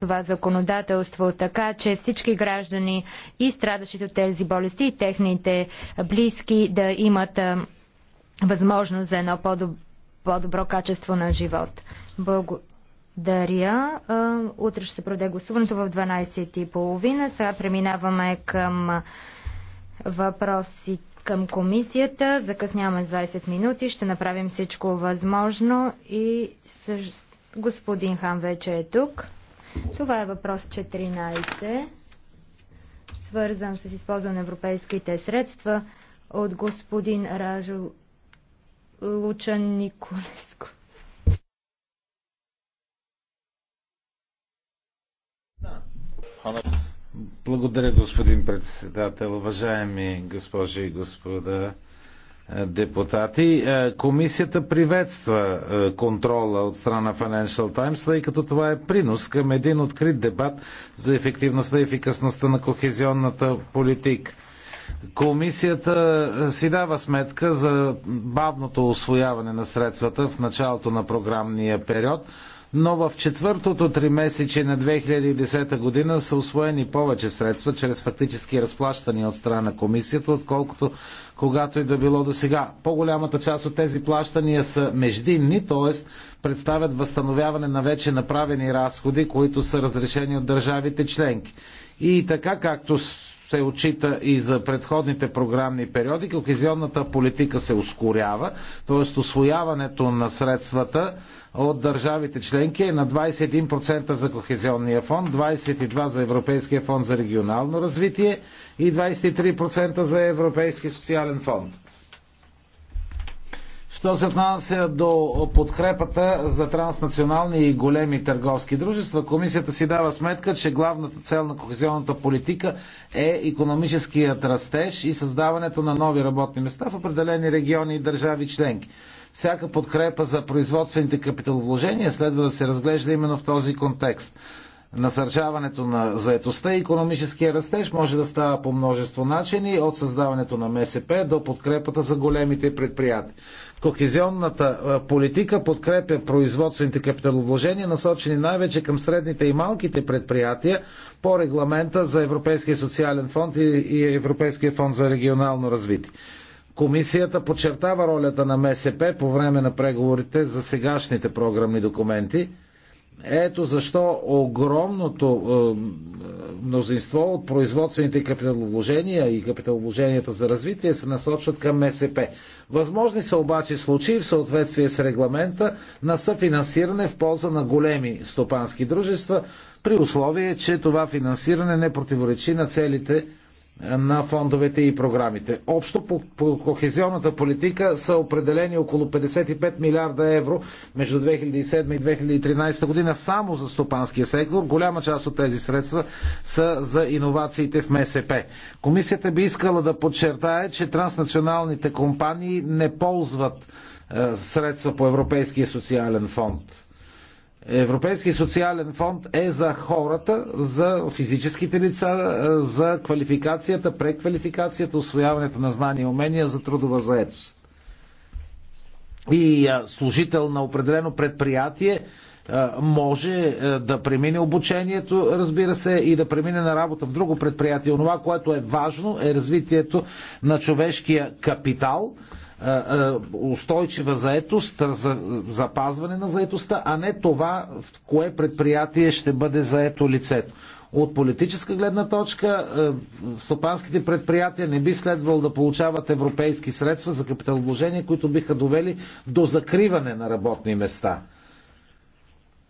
това законодателство, така че всички граждани и страдащите от тези болести и техните близки да имат възможност за едно по-добро, качество на живот. Благодаря. утре ще се проведе гласуването в 12.30. Сега преминаваме към въпроси към комисията. Закъсняваме с 20 минути. Ще направим всичко възможно и с... господин Хан вече е тук. Това е въпрос 14, свързан с използване на европейските средства от господин Ражо Лучан Николеско. Благодаря, господин председател. Уважаеми госпожи и господа, е, депутати. Е, комисията приветства е, контрола от страна Financial Times, тъй като това е принос към един открит дебат за ефективността и ефикасността на кохезионната политика. Комисията си дава сметка за бавното освояване на средствата в началото на програмния период, но в четвъртото три месече на 2010 година са освоени повече средства чрез фактически разплащания от страна на комисията, отколкото когато и да било до сега. По-голямата част от тези плащания са междинни, т.е. представят възстановяване на вече направени разходи, които са разрешени от държавите членки. И така както се отчита и за предходните програмни периоди. Кохезионната политика се ускорява, т.е. освояването на средствата от държавите членки е на 21% за Кохезионния фонд, 22% за Европейския фонд за регионално развитие и 23% за Европейски социален фонд. Що се отнася до подкрепата за транснационални и големи търговски дружества, комисията си дава сметка, че главната цел на кохезионната политика е економическият растеж и създаването на нови работни места в определени региони и държави членки. Всяка подкрепа за производствените капиталовложения следва да се разглежда именно в този контекст. Насърчаването на заетостта и економическия растеж може да става по множество начини, от създаването на МСП до подкрепата за големите предприятия. Кохезионната политика подкрепя производствените капиталовложения, насочени най-вече към средните и малките предприятия по регламента за Европейския социален фонд и Европейския фонд за регионално развитие. Комисията подчертава ролята на МСП по време на преговорите за сегашните програмни документи. Ето защо огромното е, мнозинство от производствените капиталовложения и капиталовложенията за развитие се насочват към МСП. Възможни са обаче случаи в съответствие с регламента на съфинансиране в полза на големи стопански дружества, при условие, че това финансиране не противоречи на целите на фондовете и програмите. Общо по, по кохезионната политика са определени около 55 милиарда евро между 2007 и 2013 година само за стопанския сектор. Голяма част от тези средства са за иновациите в МСП. Комисията би искала да подчертае, че транснационалните компании не ползват е, средства по Европейския социален фонд Европейски социален фонд е за хората, за физическите лица, е, за квалификацията, преквалификацията, освояването на знания и умения за трудова заетост. И е, служител на определено предприятие е, може да премине обучението, разбира се, и да премине на работа в друго предприятие. Онова, което е важно, е развитието на човешкия капитал – устойчива заетост, за запазване на заетостта, а не това, в кое предприятие ще бъде заето лицето. От политическа гледна точка, стопанските предприятия не би следвало да получават европейски средства за капиталовложения, които биха довели до закриване на работни места.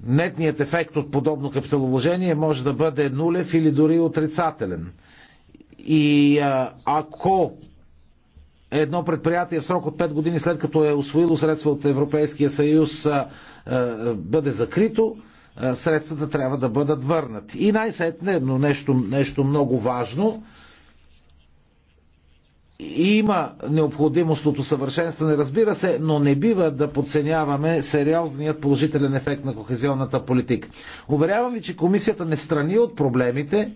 Нетният ефект от подобно капиталовложение може да бъде нулев или дори отрицателен. И ако едно предприятие в срок от 5 години след като е освоило средства от Европейския съюз бъде закрито, средствата трябва да бъдат върнати. И най-сетне едно нещо, нещо много важно. Има необходимост от усъвършенстване, разбира се, но не бива да подценяваме сериозният положителен ефект на кохезионната политика. Уверявам ви, че комисията не страни от проблемите,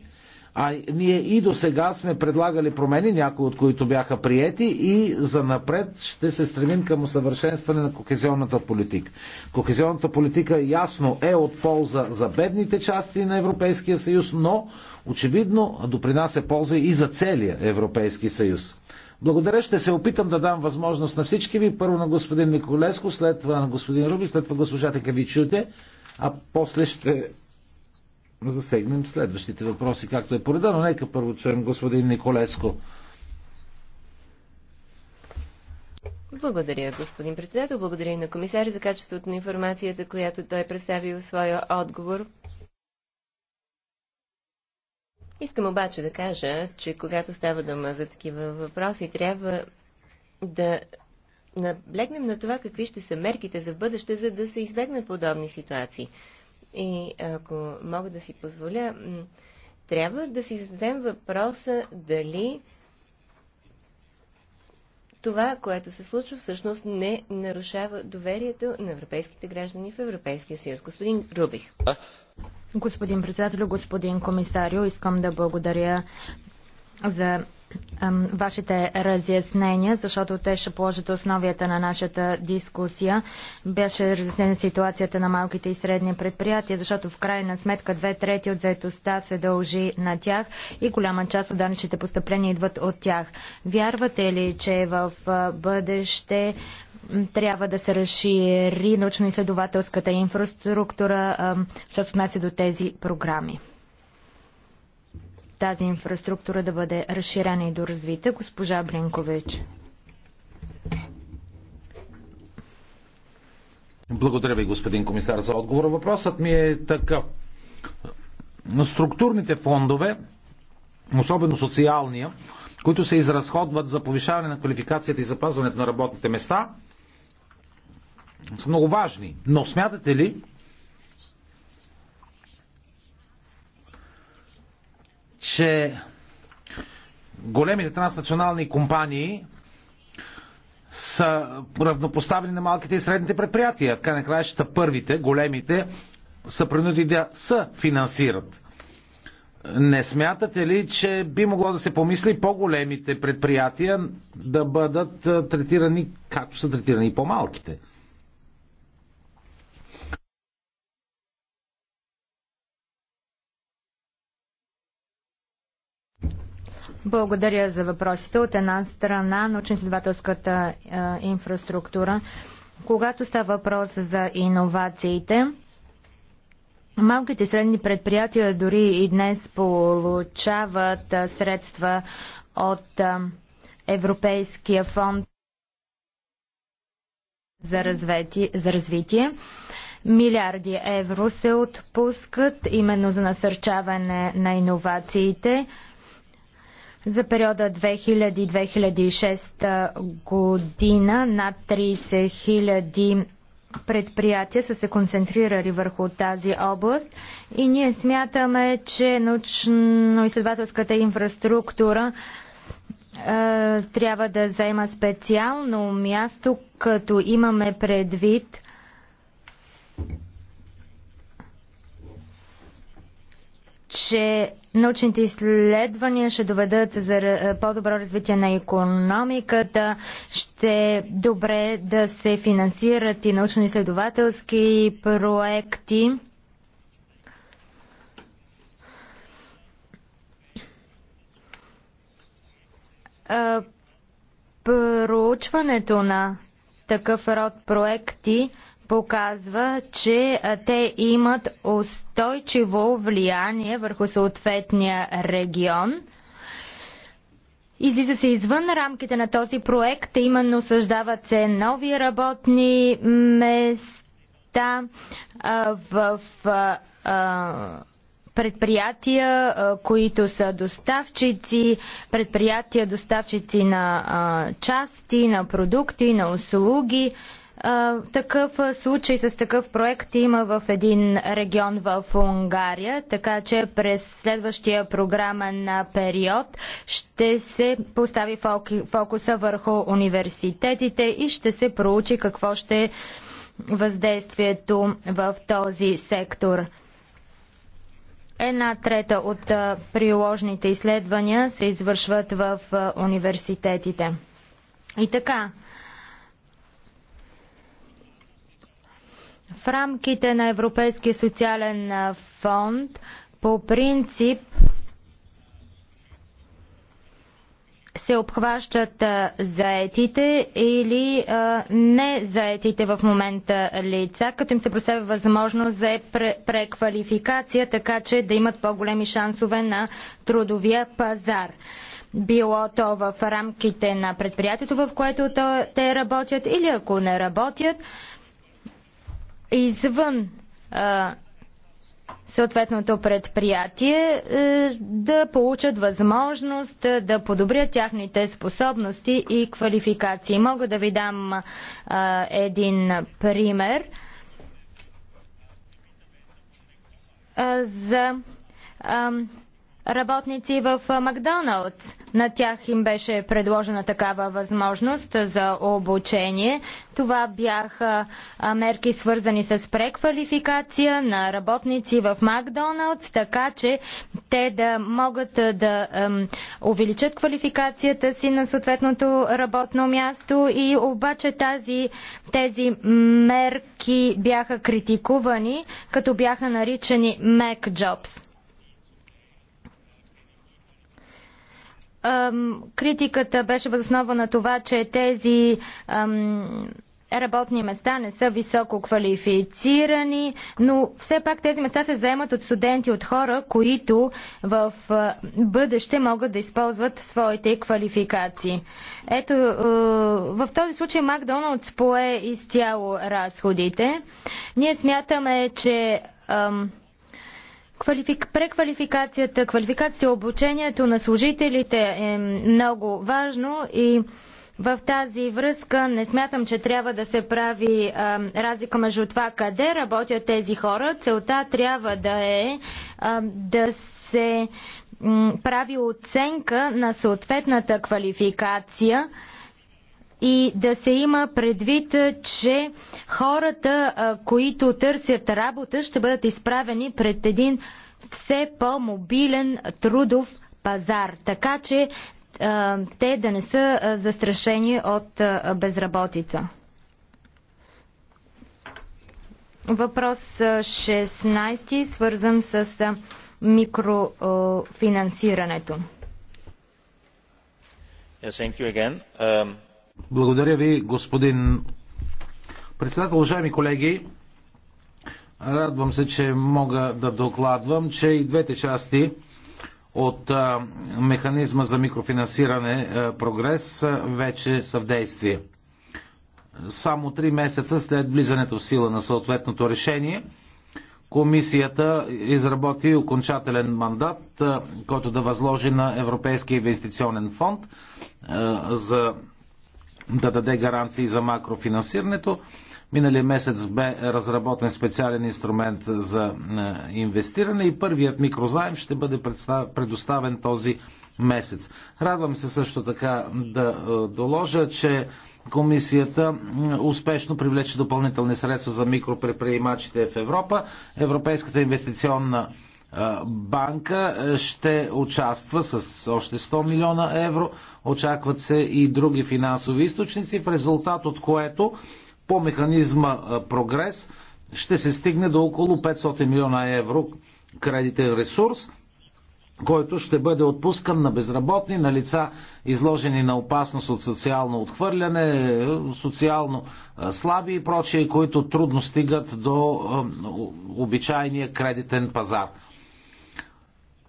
а ние и до сега сме предлагали промени, някои от които бяха приети и за напред ще се стремим към усъвършенстване на кохезионната политика. Кохезионната политика ясно е от полза за бедните части на Европейския съюз, но очевидно допринася полза и за целия Европейски съюз. Благодаря, ще се опитам да дам възможност на всички ви. Първо на господин Николеско, след това на господин Руби, след това госпожата Кавичуте, а после ще засегнем следващите въпроси, както е пореда, но нека първо чуем господин Николеско. Благодаря, господин председател. Благодаря и на комисаря за качеството на информацията, която той представи в своя отговор. Искам обаче да кажа, че когато става дума за такива въпроси, трябва да наблегнем на това какви ще са мерките за бъдеще, за да се избегнат подобни ситуации. И ако мога да си позволя, трябва да си зададем въпроса дали това, което се случва, всъщност не нарушава доверието на европейските граждани в Европейския съюз. Господин Рубих. Господин председател, господин комисарио, искам да благодаря за вашите разяснения, защото те ще положат основията на нашата дискусия. Беше разяснена ситуацията на малките и средни предприятия, защото в крайна сметка две трети от заетостта се дължи на тях и голяма част от данъчните постъпления идват от тях. Вярвате ли, че в бъдеще трябва да се разшири научно-изследователската инфраструктура, що се отнася до тези програми? тази инфраструктура да бъде разширена и доразвита. Госпожа Бринкович. Благодаря ви, господин комисар, за отговора. Въпросът ми е такъв. Структурните фондове, особено социалния, които се изразходват за повишаване на квалификацията и запазването на работните места, са много важни. Но смятате ли, че големите транснационални компании са равнопоставени на малките и средните предприятия. Така на краищата първите, големите, са принуди да са финансират. Не смятате ли, че би могло да се помисли по-големите предприятия да бъдат третирани както са третирани по-малките? Благодаря за въпросите. От една страна, научно-изследователската е, инфраструктура. Когато става въпрос за иновациите, малките и средни предприятия дори и днес получават е, средства от е, Европейския фонд за развитие. За развитие милиарди евро се отпускат именно за насърчаване на иновациите. За периода 2000-2006 година над 30 000 предприятия са се концентрирали върху тази област и ние смятаме, че научно-изследователската инфраструктура е, трябва да заема специално място, като имаме предвид че Научните изследвания ще доведат за е, по-добро развитие на економиката, ще е добре да се финансират и научно-изследователски проекти. Е, проучването на такъв род проекти показва, че те имат устойчиво влияние върху съответния регион. Излиза се извън рамките на този проект, именно осъждават се нови работни места в предприятия, които са доставчици, предприятия, доставчици на части, на продукти, на услуги. Такъв случай с такъв проект има в един регион в Унгария, така че през следващия програмен период ще се постави фокуса върху университетите и ще се проучи какво ще е въздействието в този сектор. Една трета от приложните изследвания се извършват в университетите. И така, В рамките на Европейския социален фонд по принцип се обхващат заетите или не заетите в момента лица, като им се представя възможност за преквалификация, така че да имат по-големи шансове на трудовия пазар. Било то в рамките на предприятието, в което те работят, или ако не работят, извън а, съответното предприятие е, да получат възможност е, да подобрят тяхните способности и квалификации. Мога да ви дам а, един пример а, за работници в Макдоналдс. На тях им беше предложена такава възможност за обучение. Това бяха мерки свързани с преквалификация на работници в Макдоналдс, така че те да могат да ем, увеличат квалификацията си на съответното работно място и обаче тази, тези мерки бяха критикувани, като бяха наричани Mac Jobs. критиката беше възоснова на това, че тези работни места не са високо квалифицирани, но все пак тези места се заемат от студенти, от хора, които в бъдеще могат да използват своите квалификации. Ето, е, в този случай Макдоналдс пое изцяло разходите. Ние смятаме, че ам, Квалифик... Преквалификацията, квалификацията, обучението на служителите е много важно и в тази връзка не смятам, че трябва да се прави а, разлика между това къде работят тези хора. Целта трябва да е а, да се м, прави оценка на съответната квалификация и да се има предвид, че хората, които търсят работа, ще бъдат изправени пред един все по-мобилен трудов пазар. Така че те да не са застрашени от безработица. Въпрос 16, свързан с микрофинансирането. Yes, thank you again. Um... Благодаря ви, господин председател. Уважаеми колеги, радвам се, че мога да докладвам, че и двете части от механизма за микрофинансиране прогрес вече са в действие. Само три месеца след влизането в сила на съответното решение, комисията изработи окончателен мандат, който да възложи на Европейския инвестиционен фонд за да даде гаранции за макрофинансирането. Миналия месец бе разработен специален инструмент за е, инвестиране и първият микрозаем ще бъде предоставен този месец. Радвам се също така да е, доложа, че Комисията е, успешно привлече допълнителни средства за микропредприемачите в Европа. Европейската инвестиционна банка е, ще участва с още 100 милиона евро. Очакват се и други финансови източници, в резултат от което по механизма е, прогрес ще се стигне до около 500 милиона евро кредитен ресурс, който ще бъде отпускан на безработни, на лица изложени на опасност от социално отхвърляне, социално е, слаби и прочие, които трудно стигат до обичайния кредитен пазар.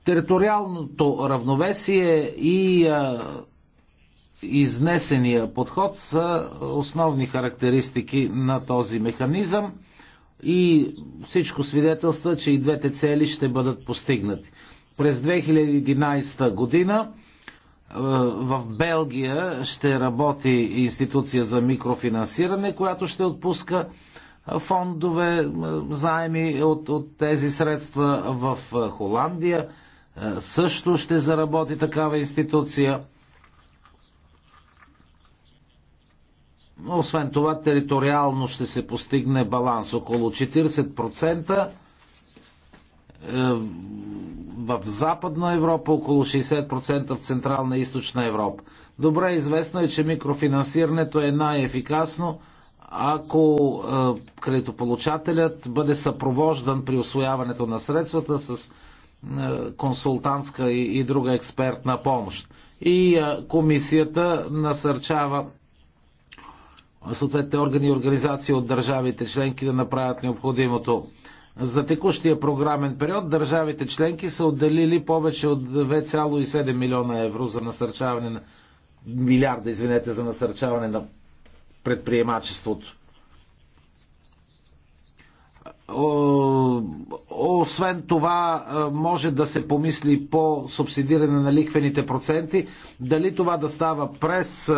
Териториалното равновесие и а, изнесения подход са основни характеристики на този механизъм и всичко свидетелства, че и двете цели ще бъдат постигнати. През 2011 година в Белгия ще работи институция за микрофинансиране, която ще отпуска фондове, заеми от, от тези средства в Холандия е, също ще заработи такава институция. Освен това, териториално ще се постигне баланс около 40% е, в Западна Европа, около 60% в Централна и Източна Европа. Добре известно е, че микрофинансирането е най-ефикасно, ако е, кредитополучателят бъде съпровождан при освояването на средствата с е, консултантска и друга експертна помощ. И е, комисията насърчава съответните органи и организации от държавите членки да направят необходимото. За текущия програмен период държавите членки са отделили повече от 2,7 милиона евро за насърчаване на милиарда, извинете, за насърчаване на предприемачеството. Освен това, може да се помисли по субсидиране на ликвените проценти. Дали това да става през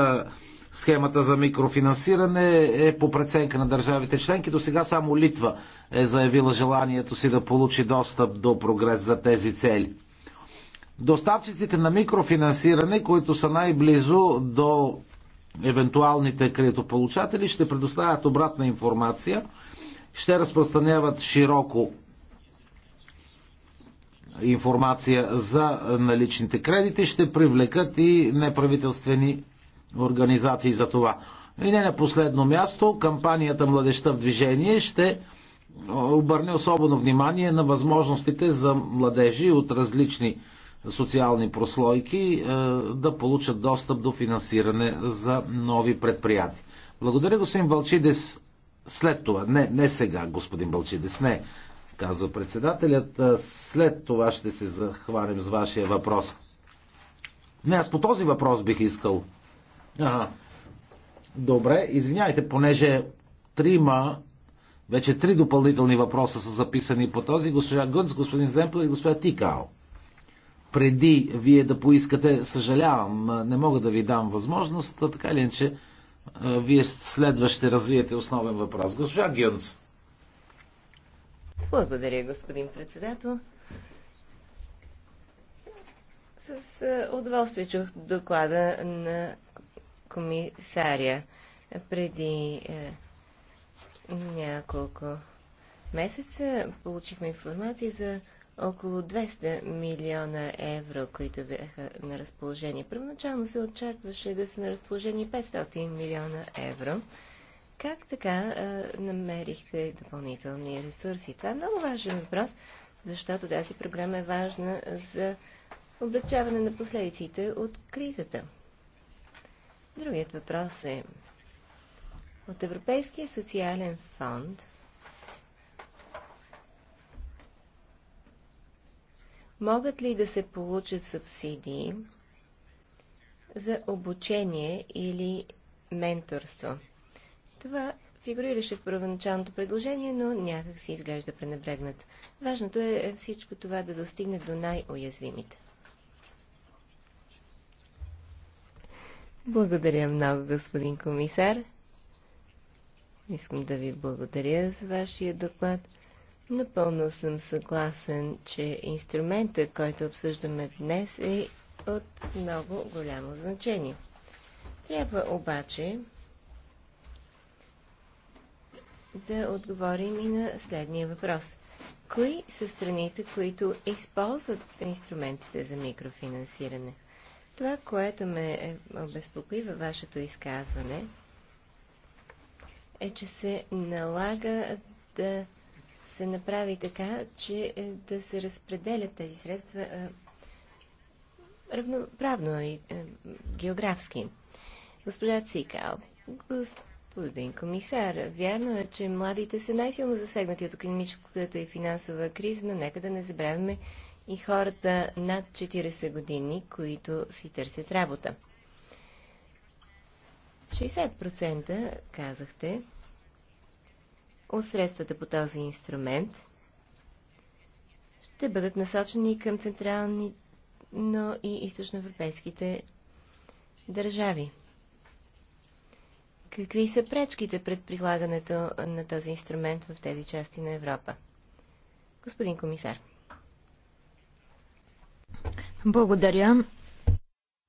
схемата за микрофинансиране е по преценка на държавите членки. До сега само Литва е заявила желанието си да получи достъп до прогрес за тези цели. Доставчиците на микрофинансиране, които са най-близо до евентуалните кредитополучатели, ще предоставят обратна информация ще разпространяват широко информация за наличните кредити, ще привлекат и неправителствени организации за това. И не на последно място, кампанията Младеща в движение ще обърне особено внимание на възможностите за младежи от различни социални прослойки е, да получат достъп до финансиране за нови предприятия. Благодаря, господин Валчидес след това, не, не сега, господин Бълчидис, не, казва председателят, след това ще се захванем с вашия въпрос. Не, аз по този въпрос бих искал. Ага. Добре, извиняйте, понеже трима, вече три допълнителни въпроса са записани по този, госпожа Гънц, господин Земпл и госпожа Тикао. Преди вие да поискате, съжалявам, не мога да ви дам възможност, така или иначе, вие следва ще развиете основен въпрос. Госпожа Гюнс. Благодаря, господин председател. С удоволствие чух доклада на комисаря преди е, няколко месеца. Получихме информация за около 200 милиона евро, които бяха на разположение. Първоначално се очакваше да са на разположение 500 милиона евро. Как така а, намерихте допълнителни ресурси? Това е много важен въпрос, защото тази програма е важна за облегчаване на последиците от кризата. Другият въпрос е от Европейския социален фонд – могат ли да се получат субсидии за обучение или менторство? Това фигурираше в първоначалното предложение, но някак си изглежда пренебрегнат. Важното е всичко това да достигне до най-уязвимите. Благодаря много, господин комисар. Искам да ви благодаря за вашия доклад. Напълно съм съгласен, че инструментът, който обсъждаме днес, е от много голямо значение. Трябва обаче да отговорим и на следния въпрос. Кои са страните, които използват инструментите за микрофинансиране? Това, което ме обезпокои във вашето изказване, е, че се налага да се направи така, че е, да се разпределят тези средства е, равноправно и е, географски. Госпожа Цикал, господин комисар, вярно е, че младите са най-силно засегнати от економическата и финансова криза, но нека да не забравяме и хората над 40 години, които си търсят работа. 60% казахте от средствата по този инструмент ще бъдат насочени към централни, но и източноевропейските държави. Какви са пречките пред прилагането на този инструмент в тези части на Европа? Господин комисар. Благодаря.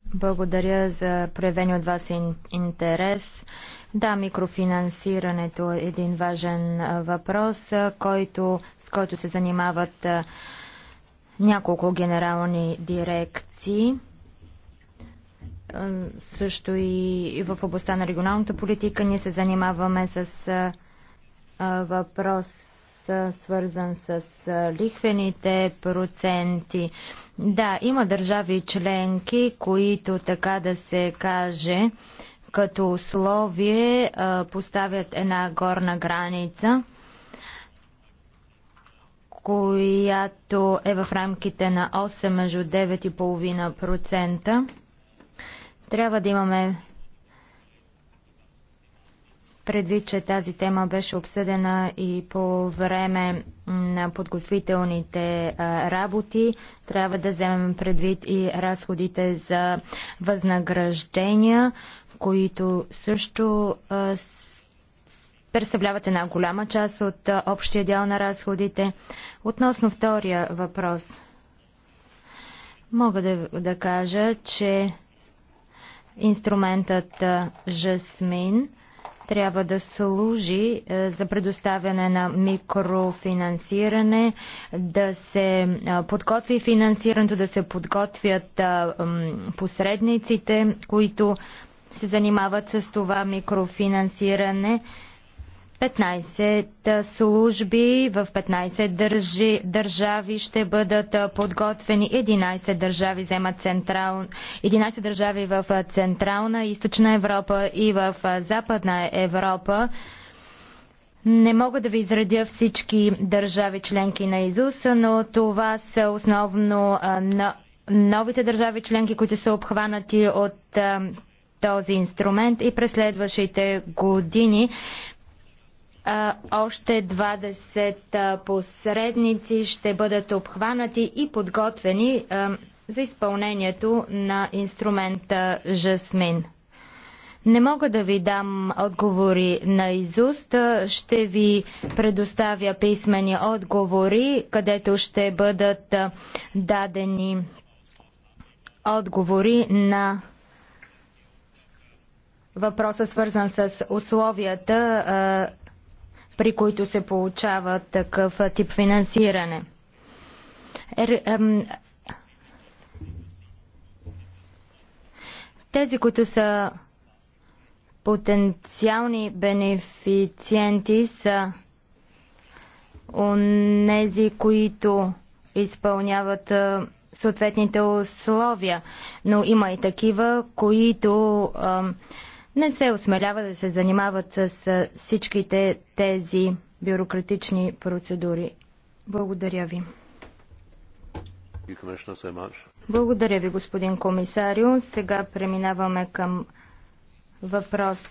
Благодаря за проявени от вас интерес. Да, микрофинансирането е един важен въпрос, който, с който се занимават няколко генерални дирекции. Също и в областта на регионалната политика ние се занимаваме с въпрос свързан с лихвените проценти. Да, има държави членки, които така да се каже като условие а, поставят една горна граница, която е в рамките на 8 между 9,5%. Трябва да имаме предвид, че тази тема беше обсъдена и по време на подготвителните работи. Трябва да вземем предвид и разходите за възнаграждения които също а, представляват една голяма част от а, общия дял на разходите. Относно втория въпрос, мога да, да кажа, че инструментът а, Жасмин трябва да служи за предоставяне на микрофинансиране, да се подготви финансирането, да се подготвят посредниците, които се занимават с това микрофинансиране. 15 служби в 15 държи, държави ще бъдат подготвени. 11 държави вземат централ, 11 държави в Централна и Източна Европа и в Западна Европа. Не мога да ви изредя всички държави членки на ИЗУС, но това са основно новите държави членки, които са обхванати от този инструмент и през следващите години а, още 20 посредници ще бъдат обхванати и подготвени а, за изпълнението на инструмента Жасмин. Не мога да ви дам отговори на изуст. Ще ви предоставя писмени отговори, където ще бъдат дадени отговори на въпроса свързан с условията, при които се получава такъв тип финансиране. Тези, които са потенциални бенефициенти са онези, които изпълняват съответните условия, но има и такива, които а, не се осмелява да се занимават с всичките тези бюрократични процедури. Благодаря ви. Благодаря ви, господин комисарио. Сега преминаваме към въпрос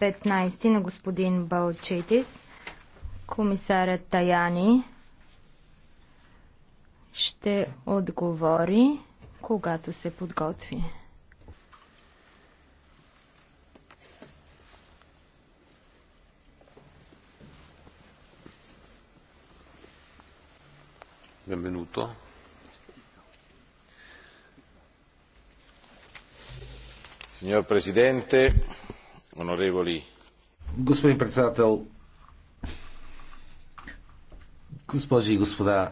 15 на господин Балчетис. Комисарят Таяни ще отговори, когато се подготви. benvenuto. Signor Presidente, onorevoli. Господин председател, госпожи и господа,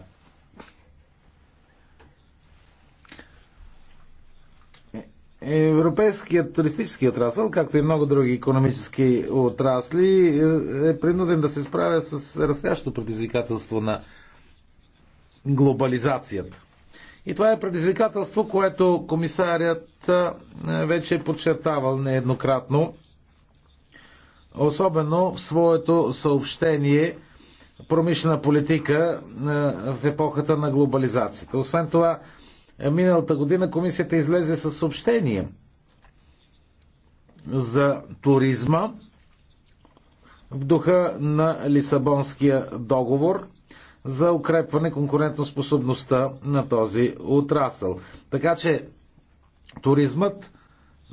Европейският туристически отрасъл, както и много други економически отрасли, е принуден да се справя с растящото предизвикателство на глобализацията. И това е предизвикателство, което комисарят вече е подчертавал нееднократно, особено в своето съобщение промишлена политика в епохата на глобализацията. Освен това, миналата година комисията излезе със съобщение за туризма в духа на Лисабонския договор – за укрепване конкурентоспособността на този отрасъл. Така че туризмът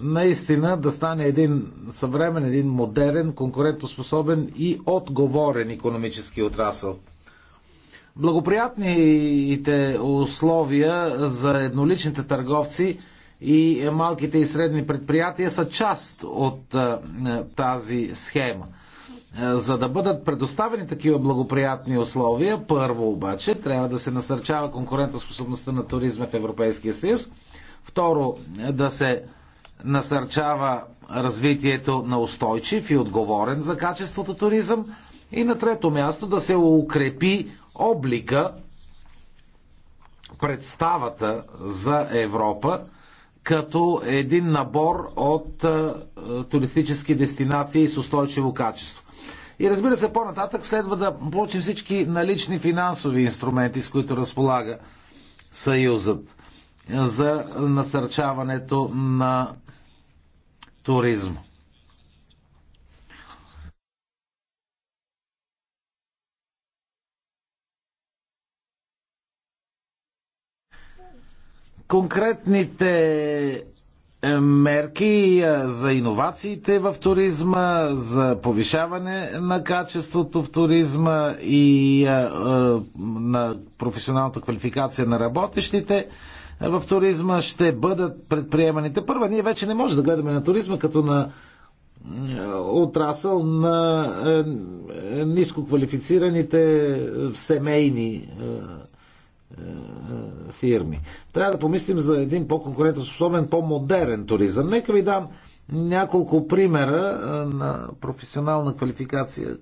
наистина да стане един съвремен, един модерен, конкурентоспособен и отговорен економически отрасъл. Благоприятните условия за едноличните търговци и малките и средни предприятия са част от тази схема. Е, за да бъдат предоставени такива благоприятни условия, първо обаче трябва да се насърчава конкурентоспособността на туризма в Европейския съюз, второ е, да се насърчава развитието на устойчив и отговорен за качеството туризъм и на трето място да се укрепи облика, представата за Европа като един набор от е, туристически дестинации с устойчиво качество. И разбира се, по-нататък следва да получи всички налични финансови инструменти, с които разполага Съюзът за насърчаването на туризма. конкретните е, мерки е, за иновациите в туризма, за повишаване на качеството в туризма и е, на професионалната квалификация на работещите в туризма ще бъдат предприеманите. Първа, ние вече не може да гледаме на туризма като на отрасъл на нискоквалифицираните семейни е, е, фирми. Трябва да помислим за един по-конкурентоспособен, по-модерен туризъм. Нека ви дам няколко примера е, на професионална квалификация,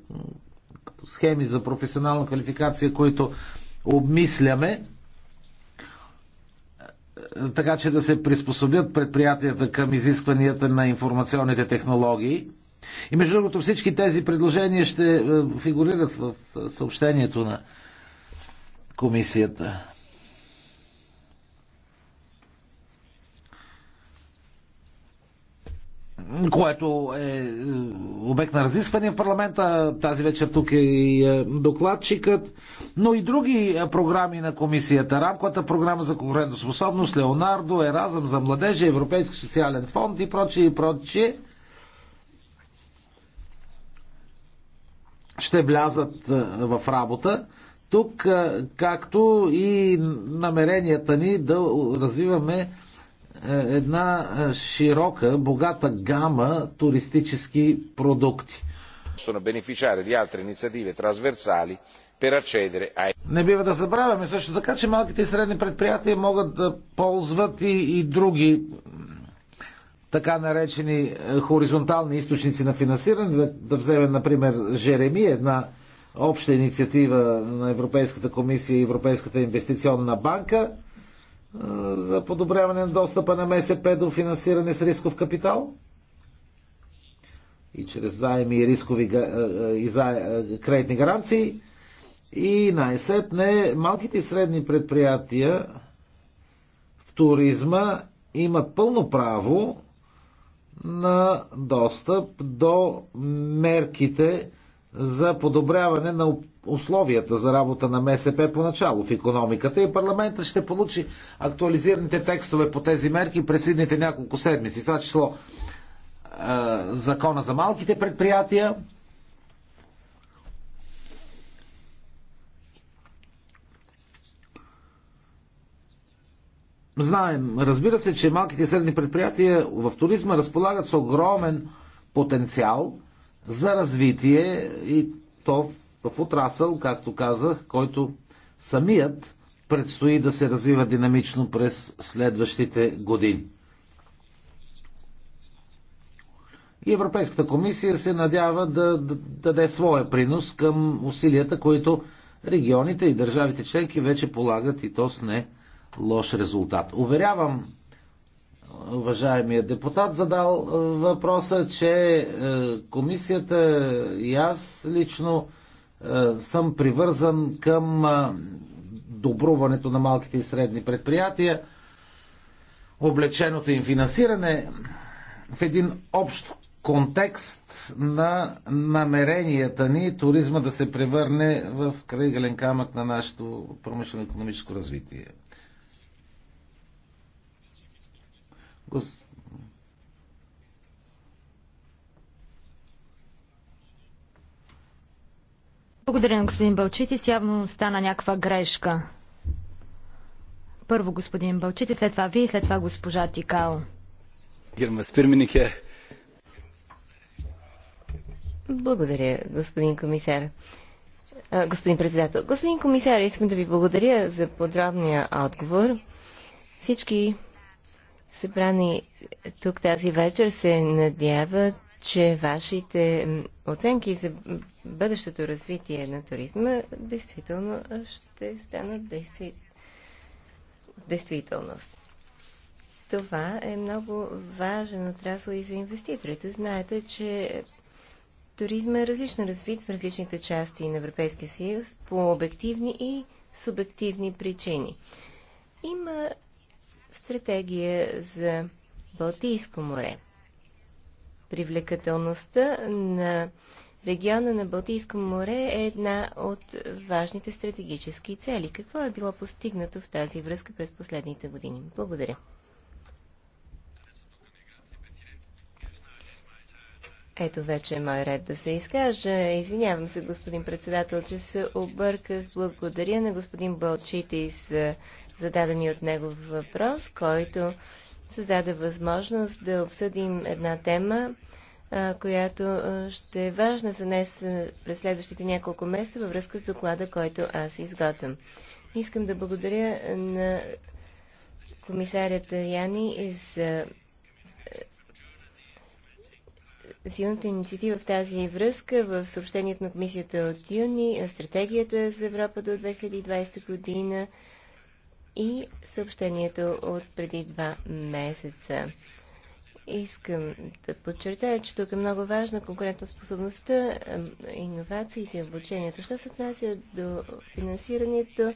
като схеми за професионална квалификация, които обмисляме, така че да се приспособят предприятията към изискванията на информационните технологии. И между другото всички тези предложения ще фигурират в съобщението на комисията. което е, е обект на разискване в парламента. Тази вечер тук е и е, докладчикът, но и други е, програми на комисията. Рамковата програма за конкурентоспособност, Леонардо, Еразъм за младежи, Европейски социален фонд и прочие и прочие. Ще влязат в работа тук, както и намеренията ни да развиваме е, една е, широка, богата гама туристически продукти. Не бива да забравяме също така, че малките и средни предприятия могат да ползват и, и други така наречени е, хоризонтални източници на финансиране. Да, да вземем, например, Жереми, една обща инициатива на Европейската комисия и Европейската инвестиционна банка за подобряване на достъпа на МСП до финансиране с рисков капитал и чрез заеми и рискови и за, кредитни гаранции. И най-сетне малките и средни предприятия в туризма имат пълно право на достъп до мерките, за подобряване на условията за работа на МСП поначало в економиката и парламентът ще получи актуализираните текстове по тези мерки през едните няколко седмици. В това число е, закона за малките предприятия, Знаем, разбира се, че малките и средни предприятия в туризма разполагат с огромен потенциал за развитие и то в отрасъл, както казах, който самият предстои да се развива динамично през следващите години. И Европейската комисия се надява да, да даде своя принос към усилията, които регионите и държавите членки вече полагат и то с не лош резултат. Уверявам уважаемия депутат, задал е, въпроса, че е, комисията и аз лично е, съм привързан към добруването на малките и средни предприятия, облеченото им финансиране в един общ контекст на намеренията ни туризма да се превърне в крайгален камък на нашето промишлено-економическо развитие. Гос... Благодаря на господин Бълчитис. Явно стана някаква грешка. Първо господин Бълчитис, след това вие и след това госпожа Тикао. Е. Благодаря, господин комисар. А, господин председател. Господин комисар, искам да ви благодаря за подробния отговор. Всички събрани тук тази вечер, се надява, че вашите оценки за бъдещото развитие на туризма действително ще станат действи... действителност. Това е много важен отрасъл и за инвеститорите. Знаете, че туризма е различно развит в различните части на Европейския съюз по обективни и субективни причини. Има стратегия за Балтийско море. Привлекателността на региона на Балтийско море е една от важните стратегически цели. Какво е било постигнато в тази връзка през последните години? Благодаря. Ето вече е мой ред да се изкажа. Извинявам се, господин председател, че се обърках. Благодаря на господин Балчити за зададени от него въпрос, който създаде възможност да обсъдим една тема, която ще е важна за днес през следващите няколко месеца във връзка с доклада, който аз изготвям. Искам да благодаря на комисарята Яни за силната инициатива в тази връзка в съобщението на комисията от юни, стратегията за Европа до 2020 година, и съобщението от преди два месеца. Искам да подчертая, че тук е много важна конкурентоспособността, иновациите и обучението. Що се отнася до финансирането,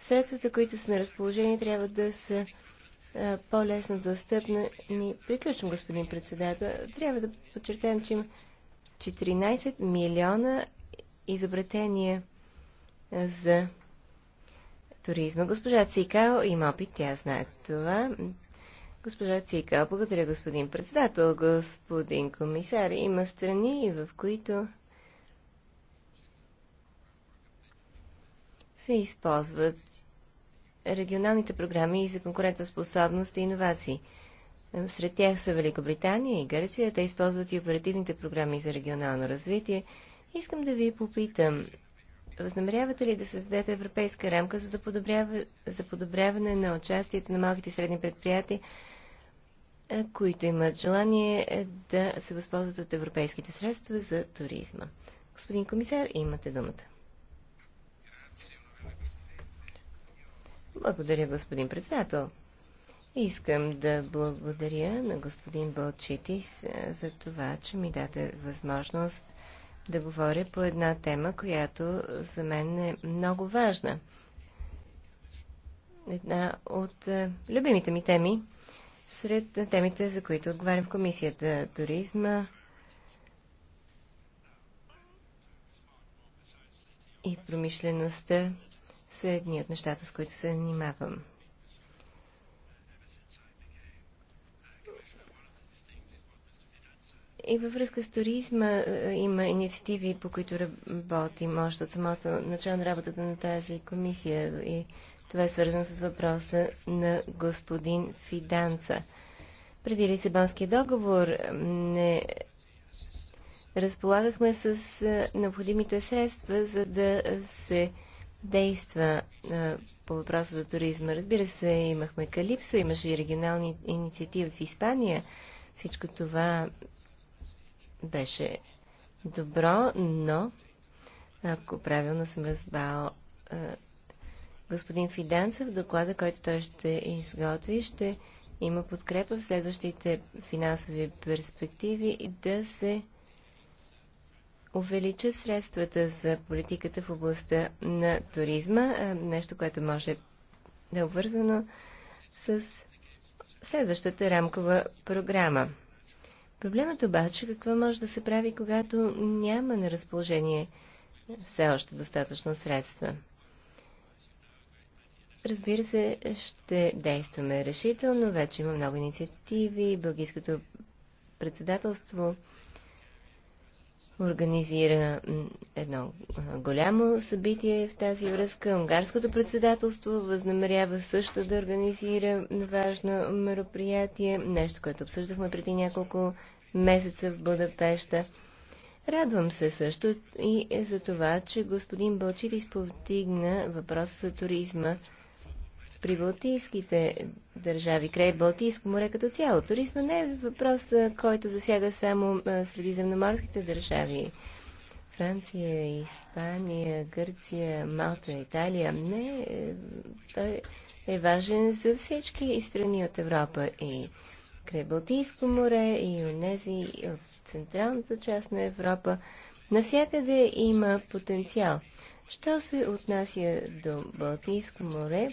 средствата, които са на разположение, трябва да са е, по-лесно достъпни. Ни приключвам, господин председател. Трябва да подчертаем, че има 14 милиона изобретения е, за туризма. Госпожа Цикао има опит, тя знае това. Госпожа Цикао, благодаря господин председател, господин комисар. Има страни, в които се използват регионалните програми за конкурентоспособност и иновации. Сред тях са Великобритания и Гърция. Те използват и оперативните програми за регионално развитие. Искам да ви попитам, Възнамерявате ли да създадете европейска рамка за, да подобрява, за подобряване на участието на малките и средни предприятия, които имат желание е, да се възползват от европейските средства за туризма? Господин комисар, имате думата. Благодаря, господин председател. Искам да благодаря на господин Балчитис е, за това, че ми даде възможност да говоря по една тема, която за мен е много важна. Една от е, любимите ми теми сред темите, за които отговарям в комисията туризма и промишлеността са едни от нещата, с които се занимавам. И във връзка с туризма е, има инициативи, по които работим още от самото начало на работата на тази комисия. И това е свързано с въпроса на господин Фиданца. Преди Лисабонския договор е, не разполагахме с е, необходимите средства, за да се действа по въпроса за туризма. Разбира се, имахме Калипсо, имаше и регионални инициативи в Испания. Всичко това беше добро, но ако правилно съм разбрал господин Фиданцев, доклада, който той ще изготви, ще има подкрепа в следващите финансови перспективи и да се увеличат средствата за политиката в областта на туризма, нещо, което може да е обвързано с следващата рамкова програма. Проблемът обаче какво може да се прави, когато няма на разположение все още достатъчно средства. Разбира се, ще действаме решително. Вече има много инициативи. Бългийското председателство организира едно голямо събитие в тази връзка. Унгарското председателство възнамерява също да организира важно мероприятие, нещо, което обсъждахме преди няколко месеца в Будапеща. Радвам се също и е за това, че господин Бълчилис повдигна въпроса за туризма при Балтийските държави, край Балтийско море като цяло. Туризма не е въпрос, който засяга само средиземноморските държави. Франция, Испания, Гърция, Малта, Италия. Не, е, той е важен за всички страни от Европа и край Балтийско море и онези от централната част на Европа. Насякъде има потенциал. Що се отнася до Балтийско море,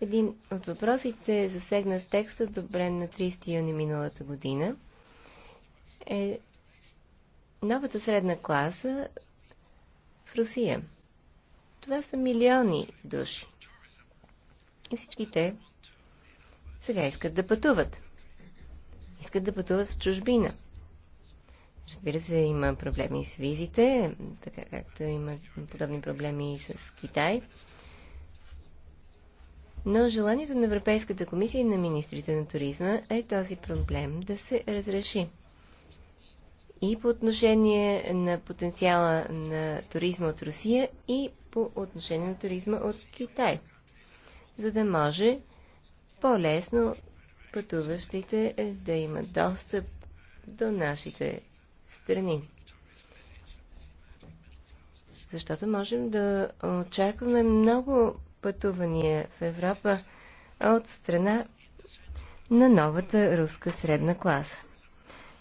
един от въпросите, засегнат в текста, добрен на 30 юни миналата година, е новата средна класа в Русия. Това са милиони души. И всички те сега искат да пътуват искат да пътуват в чужбина. Разбира се, има проблеми с визите, така както има подобни проблеми и с Китай. Но желанието на Европейската комисия и на министрите на туризма е този проблем да се разреши. И по отношение на потенциала на туризма от Русия, и по отношение на туризма от Китай. За да може по-лесно пътуващите е да имат достъп до нашите страни. Защото можем да очакваме много пътувания в Европа от страна на новата руска средна класа.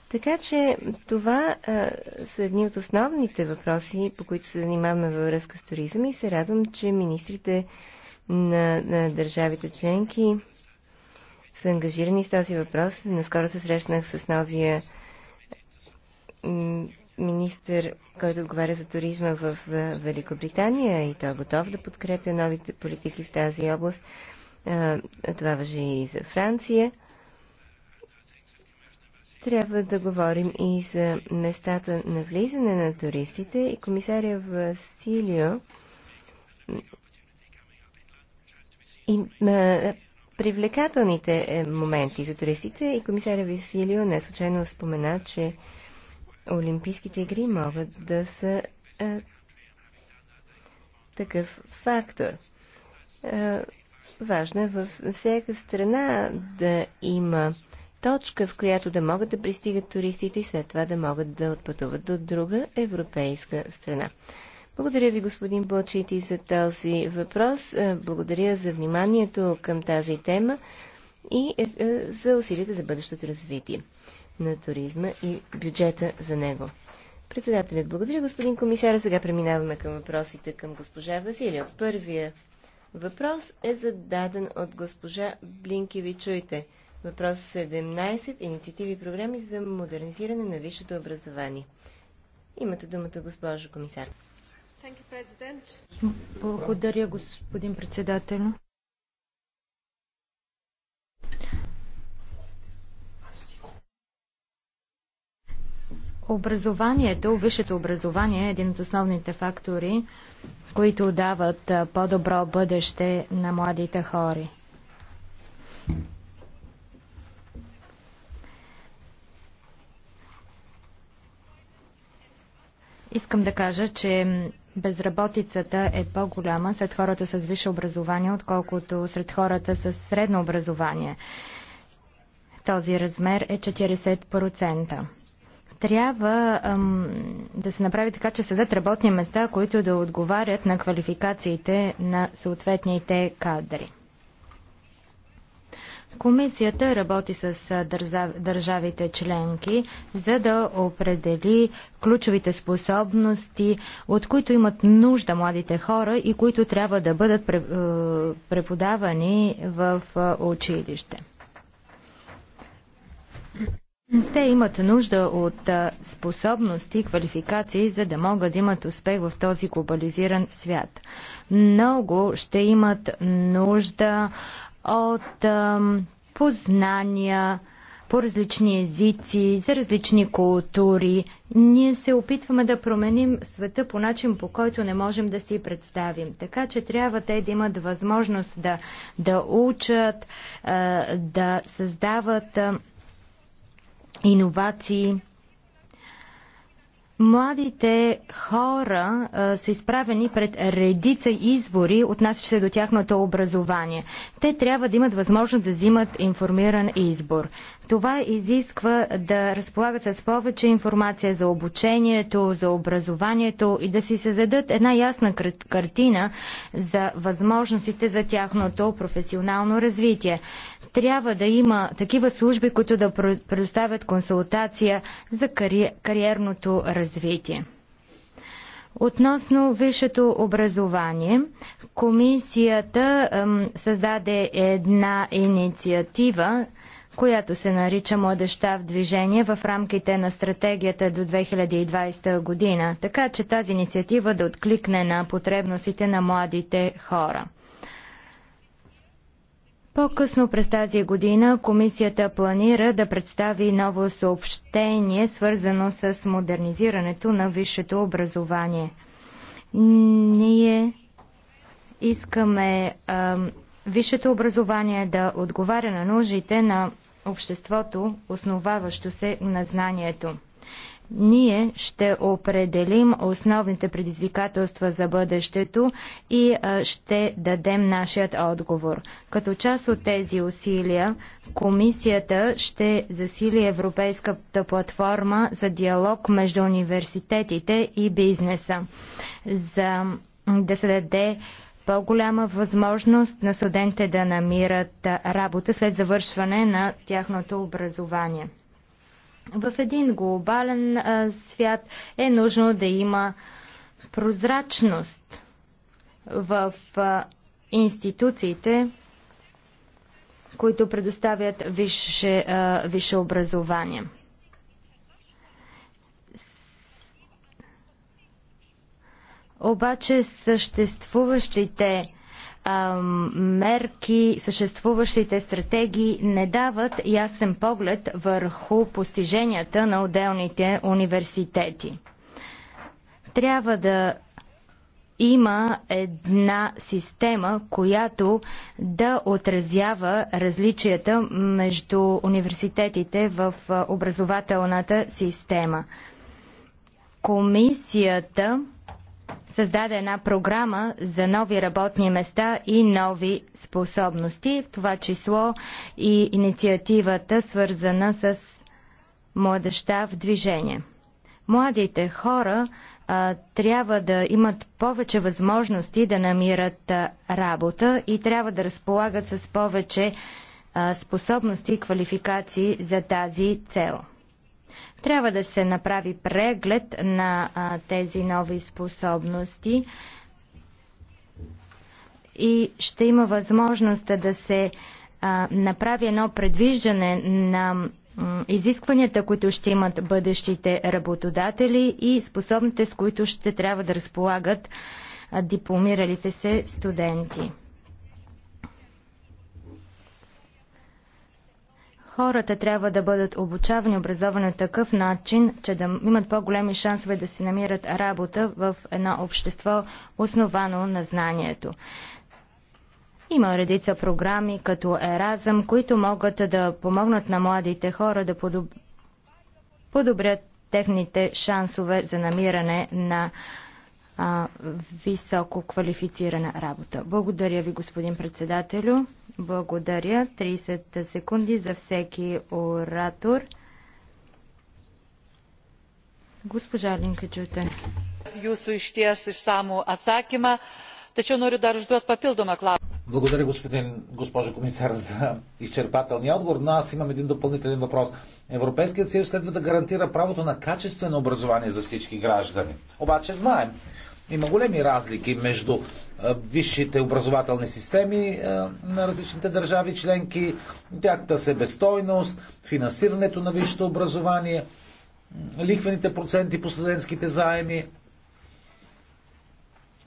Така че това а, са едни от основните въпроси, по които се занимаваме във връзка с туризъм и се радвам, че министрите на, на държавите членки са ангажирани с този въпрос. Наскоро се срещнах с новия министр, който отговаря за туризма в Великобритания и той е готов да подкрепя новите политики в тази област. Това въжи и за Франция. Трябва да говорим и за местата на влизане на туристите и комисария Василио и привлекателните е, моменти за туристите и комисаря Василио не случайно спомена, че Олимпийските игри могат да са а, е, такъв фактор. А, е, важно е във всяка страна да има точка, в която да могат да пристигат туристите и след това да могат да отпътуват до друга европейска страна. Благодаря ви, господин Бочити, за този въпрос. Е, благодаря за вниманието към тази тема и е, е, за усилията за бъдещото развитие на туризма и бюджета за него. Председателят, благодаря, господин комисар. Сега преминаваме към въпросите към госпожа Василия. Първия въпрос е зададен от госпожа Блинкеви. Чуйте. Въпрос 17. Инициативи и програми за модернизиране на висшето образование. Имате думата, госпожо комисар. Благодаря, господин председател. Образованието, висшето образование е един от основните фактори, които дават по-добро бъдеще на младите хори. Искам да кажа, че Безработицата е по-голяма сред хората с висше образование, отколкото сред хората с средно образование. Този размер е 40%. Трябва ам, да се направи така, че съдат работни места, които да отговарят на квалификациите на съответните кадри. Комисията работи с държавите членки, за да определи ключовите способности, от които имат нужда младите хора и които трябва да бъдат преподавани в училище. Те имат нужда от способности и квалификации, за да могат да имат успех в този глобализиран свят. Много ще имат нужда от познания по различни езици, за различни култури. Ние се опитваме да променим света по начин, по който не можем да си представим. Така че трябва те да имат възможност да, да учат, да създават иновации. Младите хора а, са изправени пред редица избори, отнасящи се до тяхното образование. Те трябва да имат възможност да взимат информиран избор. Това изисква да разполагат с повече информация за обучението, за образованието и да си създадат една ясна картина за възможностите за тяхното професионално развитие. Трябва да има такива служби, които да предоставят консултация за кариерното развитие развитие. Относно висшето образование, комисията ем, създаде една инициатива, която се нарича Младеща в движение в рамките на стратегията до 2020 година, така че тази инициатива да откликне на потребностите на младите хора. По-късно през тази година комисията планира да представи ново съобщение, свързано с модернизирането на висшето образование. Ние искаме а, висшето образование да отговаря на нуждите на обществото, основаващо се на знанието ние ще определим основните предизвикателства за бъдещето и ще дадем нашият отговор. Като част от тези усилия, комисията ще засили Европейската платформа за диалог между университетите и бизнеса, за да се даде по-голяма възможност на студентите да намират работа след завършване на тяхното образование. В един глобален а, свят е нужно да има прозрачност в а, институциите, които предоставят висше, а, висше образование. Обаче съществуващите мерки, съществуващите стратегии не дават ясен поглед върху постиженията на отделните университети. Трябва да има една система, която да отразява различията между университетите в образователната система. Комисията създаде една програма за нови работни места и нови способности, в това число и инициативата, свързана с младеща в движение. Младите хора а, трябва да имат повече възможности да намират а, работа и трябва да разполагат с повече а, способности и квалификации за тази цел. Трябва да се направи преглед на а, тези нови способности и ще има възможност да се а, направи едно предвиждане на изискванията, които ще имат бъдещите работодатели и способните, с които ще трябва да разполагат дипломиралите се студенти. Хората трябва да бъдат обучавани, образовани по такъв начин, че да имат по-големи шансове да си намират работа в едно общество, основано на знанието. Има редица програми, като Еразъм, които могат да помогнат на младите хора да подоб... подобрят техните шансове за намиране на а, високо квалифицирана работа. Благодаря ви, господин председателю. Благодаря. 30 секунди за всеки оратор. Госпожа Линкачуте. Jūsų išties išsamų atsakymą, tačiau noriu dar užduoti papildomą klausimą. Благодаря, господин, госпожо комисар, за изчерпателния отговор, но аз имам един допълнителен въпрос. Европейският съюз следва да гарантира правото на качествено образование за всички граждани. Обаче знаем, има големи разлики между висшите образователни системи на различните държави членки, тяхната себестойност, финансирането на висшето образование, лихвените проценти по студентските заеми,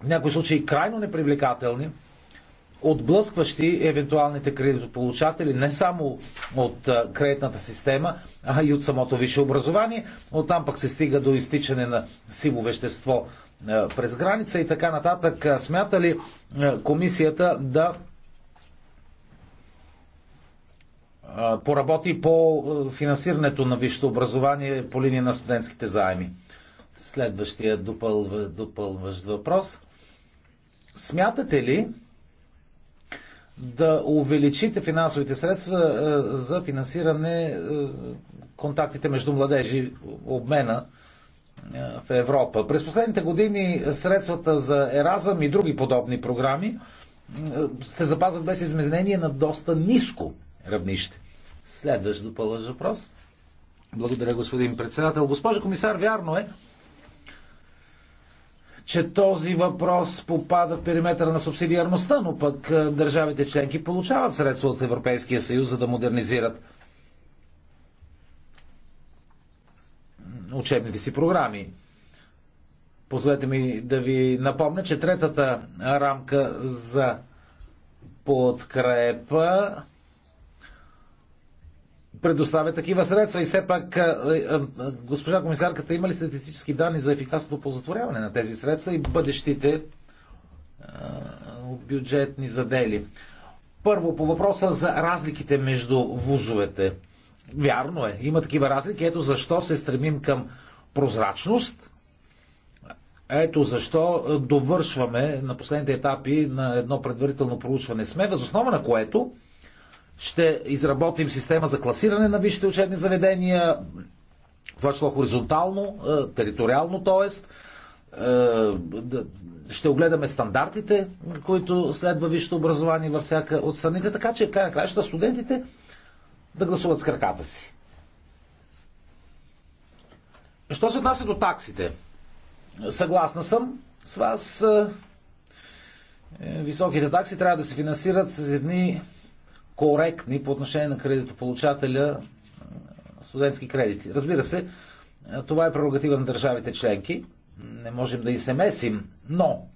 в някои случаи крайно непривлекателни, отблъскващи евентуалните кредитополучатели не само от кредитната система, а и от самото висше образование. Оттам пък се стига до изтичане на сиво вещество е, през граница и така нататък. Е, смята ли е, комисията да поработи по финансирането на висшето образование по линия на студентските заеми? Следващия допълв... допълващ въпрос. Смятате ли да увеличите финансовите средства за финансиране контактите между младежи, обмена в Европа. През последните години средствата за Еразъм и други подобни програми се запазват без изменение на доста ниско равнище. Следващ допълваш въпрос. Благодаря, господин председател. Госпожа комисар, вярно е, че този въпрос попада в периметъра на субсидиарността, но пък държавите членки получават средства от Европейския съюз, за да модернизират учебните си програми. Позволете ми да ви напомня, че третата рамка за подкрепа предоставя такива средства. И все пак, е, е, е, госпожа комисарката, има ли статистически данни за ефикасното позатворяване на тези средства и бъдещите бюджетни задели? Първо, по въпроса за разликите между вузовете. Вярно е, има такива разлики. Ето защо се стремим към прозрачност. Ето защо е, довършваме на последните етапи на едно предварително проучване СМЕ, възоснова на което ще изработим система за класиране на висшите учебни заведения, това число хоризонтално, е, териториално, т.е. Е, ще огледаме стандартите, които следва висшето образование във всяка от страните, така че край на краища студентите да гласуват с краката си. Що се отнася до таксите? Съгласна съм с вас. Е, е, високите такси трябва да се финансират с едни коректни по отношение на кредитополучателя е, студентски кредити. Разбира се, това е прерогатива на държавите членки. Не можем да и се месим, но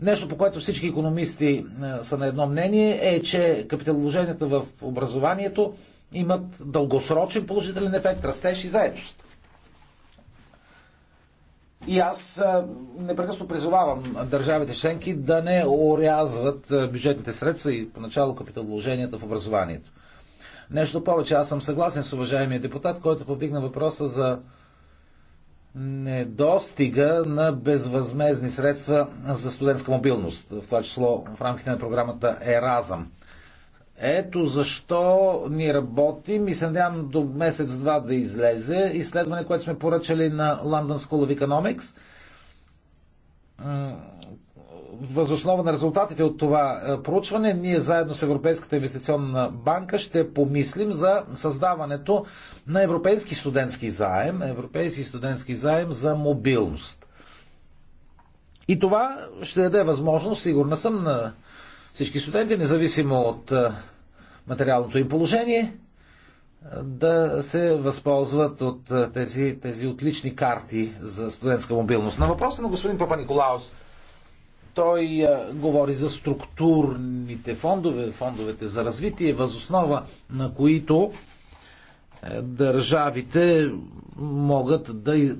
нещо по което всички економисти са на едно мнение е, че капиталовложенията в образованието имат дългосрочен положителен ефект, растеж и заедост. И аз непрекъсно призовавам държавите членки да не орязват бюджетните средства и поначало капиталовложенията в образованието. Нещо повече, аз съм съгласен с уважаемия депутат, който повдигна въпроса за недостига на безвъзмезни средства за студентска мобилност, в това число в рамките на програмата Еразъм. Ето защо ни работим и се надявам до месец-два да излезе изследване, което сме поръчали на London School of Economics. Възоснова на резултатите от това е, проучване, ние заедно с Европейската инвестиционна банка ще помислим за създаването на европейски студентски заем, европейски студентски заем за мобилност. И това ще даде възможност, сигурна съм, на всички студенти, независимо от е, материалното им положение, е, да се възползват от е, тези, тези отлични карти за студентска мобилност. На въпроса на господин Папа Николаус, той а, е, говори за структурните фондове, фондовете за развитие, възоснова на които държавите могат да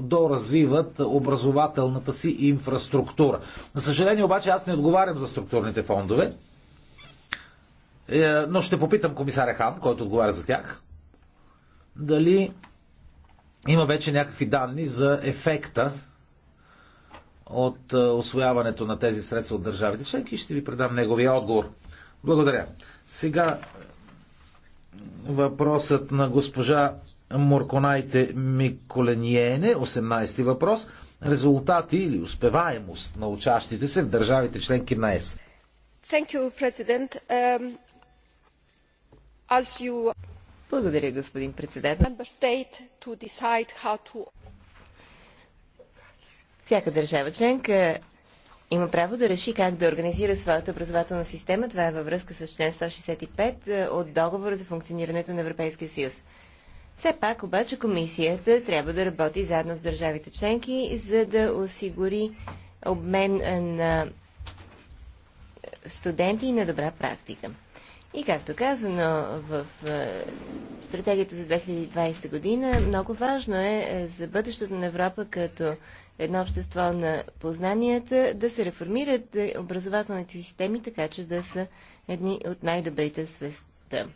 доразвиват образователната си инфраструктура. На съжаление обаче аз не отговарям за структурните фондове е, но ще попитам комисаря Хан, който отговаря за тях, дали има вече някакви данни за ефекта от е, освояването на тези средства от държавите членки ще ви предам неговия отговор. Благодаря. Сега въпросът на госпожа Морконайте Миколениене, 18-ти въпрос. Резултати или успеваемост на учащите се в държавите членки на ЕС. Thank you, President. Um, благодаря, господин председател. Всяка държава членка има право да реши как да организира своята образователна система. Това е във връзка с член 165 е, от договора за функционирането на Европейския съюз. Все пак обаче комисията трябва да работи заедно с държавите членки, за да осигури обмен е, на студенти и на добра практика. И както казано в е, стратегията за 2020 година, много важно е, е за бъдещето на Европа като едно общество на познанията да се реформират е, образователните системи, така че да са едни от най-добрите света.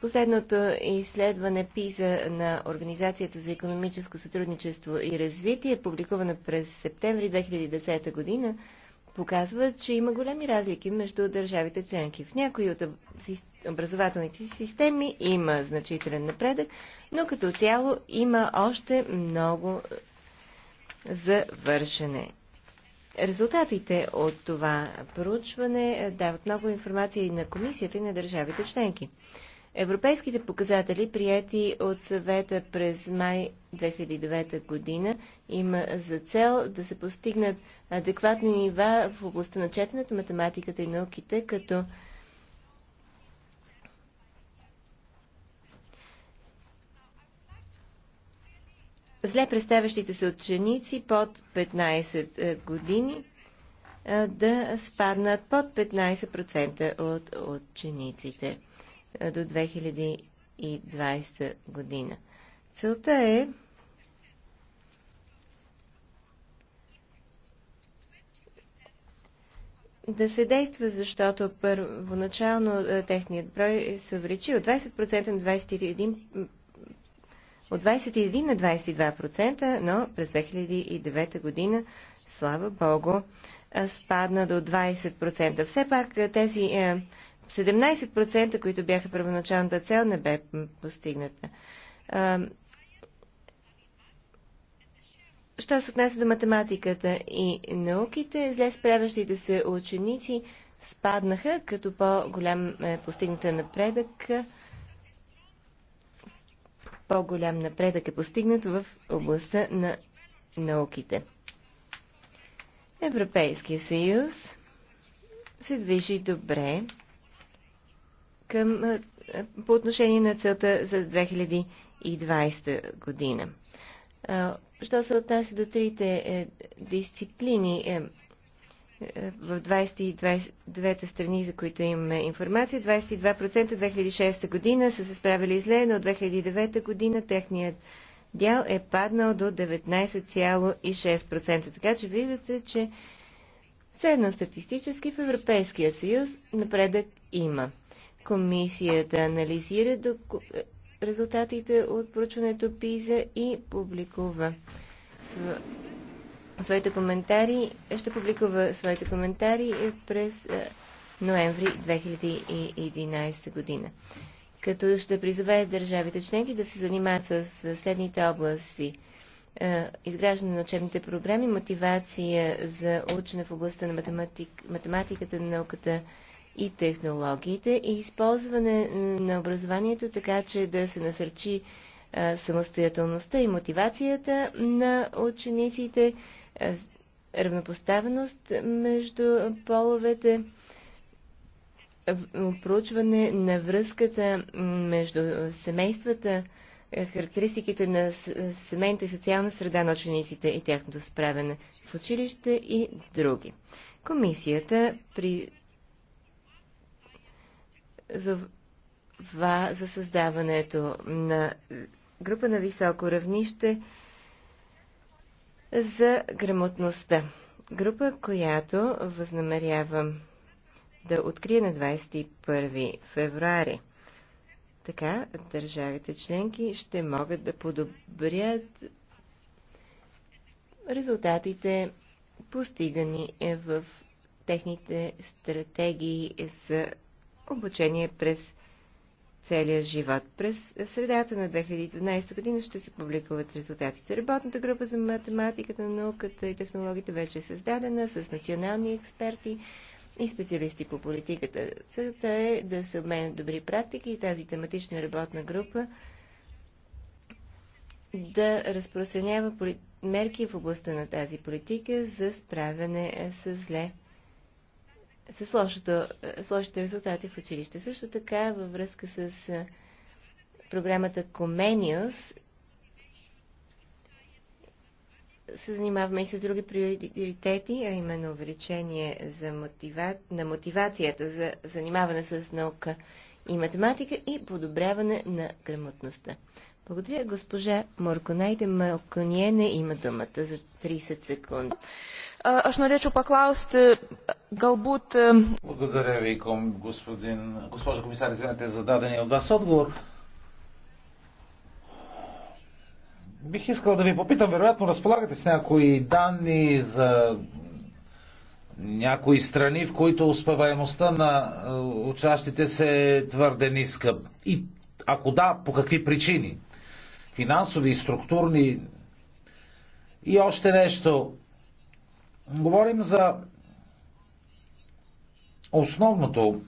Последното изследване ПИЗА на Организацията за економическо сътрудничество и развитие, публикувано през септември 2010 година, показва, че има големи разлики между държавите членки. В някои от образователните системи има значителен напредък, но като цяло има още много за вършене. Резултатите от това проучване дават много информация и на комисията и на държавите членки. Европейските показатели, прияти от съвета през май 2009 година, има за цел да се постигнат адекватни нива в областта на четенето, математиката и науките, като зле представящите се ученици под 15 е, години е, да спаднат под 15% от учениците до 2020 година. Целта е да се действа, защото първоначално е, техният брой се увеличи от 20% на 21%, от 21 на 22%, но през 2009 година, слава Богу, е, спадна до 20%. Все пак е, тези 17%, които бяха първоначалната цел, не бе постигната. Що се отнася до математиката и науките, зле справящите се ученици спаднаха, като по-голям е постигната напредък, по-голям напредък е постигнат в областта на науките. Европейския съюз се движи добре към, по отношение на целта за 2020 година. Що се отнася до трите е, дисциплини е, е, в 22 та страни, за които имаме информация, 22% 2006 година са се справили зле, но от 2009 година техният дял е паднал до 19,6%. Така че виждате, че средно статистически в Европейския съюз напредък има. Комисията анализира доку... резултатите от проучването ПИЗА и публикува св... своите коментари, ще публикува своите коментари през е, ноември 2011 година. Като ще призове държавите членки да се занимават с следните области е, изграждане на учебните програми, мотивация за учене в областта на математик, математиката, науката, и технологиите и използване на образованието така, че да се насърчи самостоятелността и мотивацията на учениците, равнопоставеност между половете, проучване на връзката между семействата, характеристиките на семейната и социална среда на учениците и тяхното справяне в училище и други. Комисията при за, за създаването на група на високо равнище за грамотността. Група, която възнамерявам да открие на 21 февруари. Така държавите членки ще могат да подобрят резултатите, постигани в техните стратегии за обучение през целия живот. През в средата на 2012 година ще се публикуват резултатите. Работната група за математиката, науката и технологията вече е създадена с национални експерти и специалисти по политиката. Целта е да се обменят добри практики и тази тематична работна група да разпространява мерки в областта на тази политика за справяне с зле с лошото, е, с лошите резултати в училище. Също така във връзка с е, програмата Comenius се занимаваме и с други приоритети, а именно увеличение за мотива... на мотивацията за занимаване с наука и математика и подобряване на грамотността. Благодаря, госпожа Морконайте не има думата за 30 секунди. Аз наречу поклаусти, е, галбут... Е, Благодаря ви, господин, госпожа комисар, извинете за дадения от вас отговор. Бих искал да ви попитам, вероятно разполагате с някои данни за някои страни, в които успеваемостта на е, учащите се е твърде ниска. И ако да, по какви причини? финансови и структурни. И още нещо. Говорим за основното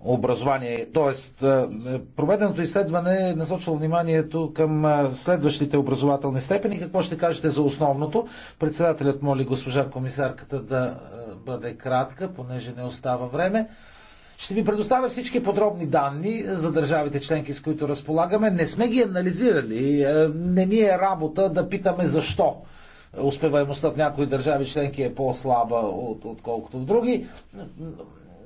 образование. т.е. Е, проведеното изследване е насочило вниманието към е, следващите образователни степени. Какво ще кажете за основното? Председателят моли госпожа комисарката да е, бъде кратка, понеже не остава време. Ще ви предоставя всички подробни данни за държавите членки, с които разполагаме. Не сме ги анализирали. Е, не ни е работа да питаме защо успеваемостта в някои държави членки е по-слаба, от, отколкото в други.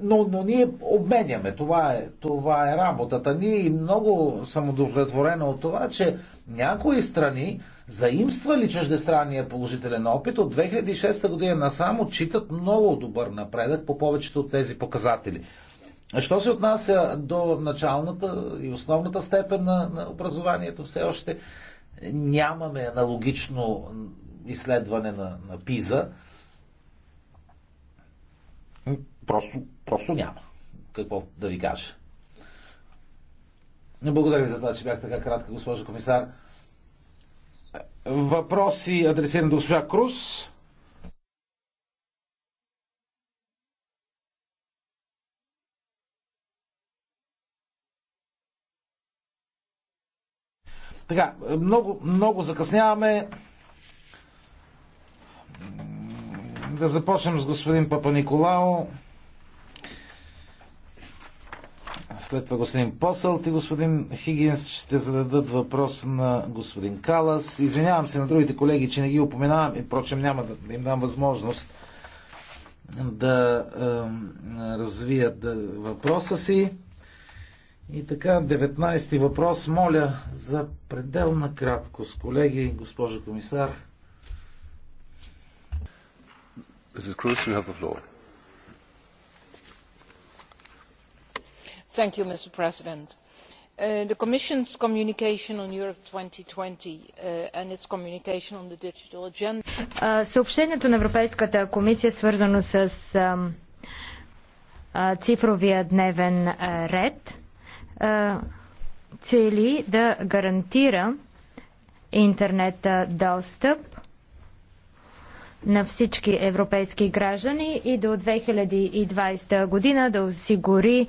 Но, но ние обменяме. Това е, това е работата Ние и много съм удовлетворена от това, че някои страни заимствали чуждестранния положителен опит от 2006 година насам отчитат много добър напредък по повечето от тези показатели. Що се отнася до началната и основната степен на, на образованието, все още нямаме аналогично изследване на, на ПИЗа. Просто, просто няма. Какво да ви кажа? Благодаря ви за това, че бях така кратка, госпожо комисар. Въпроси адресирани до госпожа Крус. Така, много, много закъсняваме. Да започнем с господин Папа Николао. След това господин Посълт и господин Хигинс ще зададат въпрос на господин Калас. Извинявам се на другите колеги, че не ги упоменавам и прочем няма да им дам възможност да е, развият въпроса си. И така, 19-ти въпрос. Моля за пределна краткост, колеги, госпожа комисар. Mrs. Cruz, you have the floor. Thank you, Mr. President. Uh, the Commission's communication on Europe 2020 uh, and its communication on the digital agenda. Uh, съобщението на Европейската комисия, свързано с uh, цифровия дневен ред, цели да гарантира интернет достъп на всички европейски граждани и до 2020 година да осигури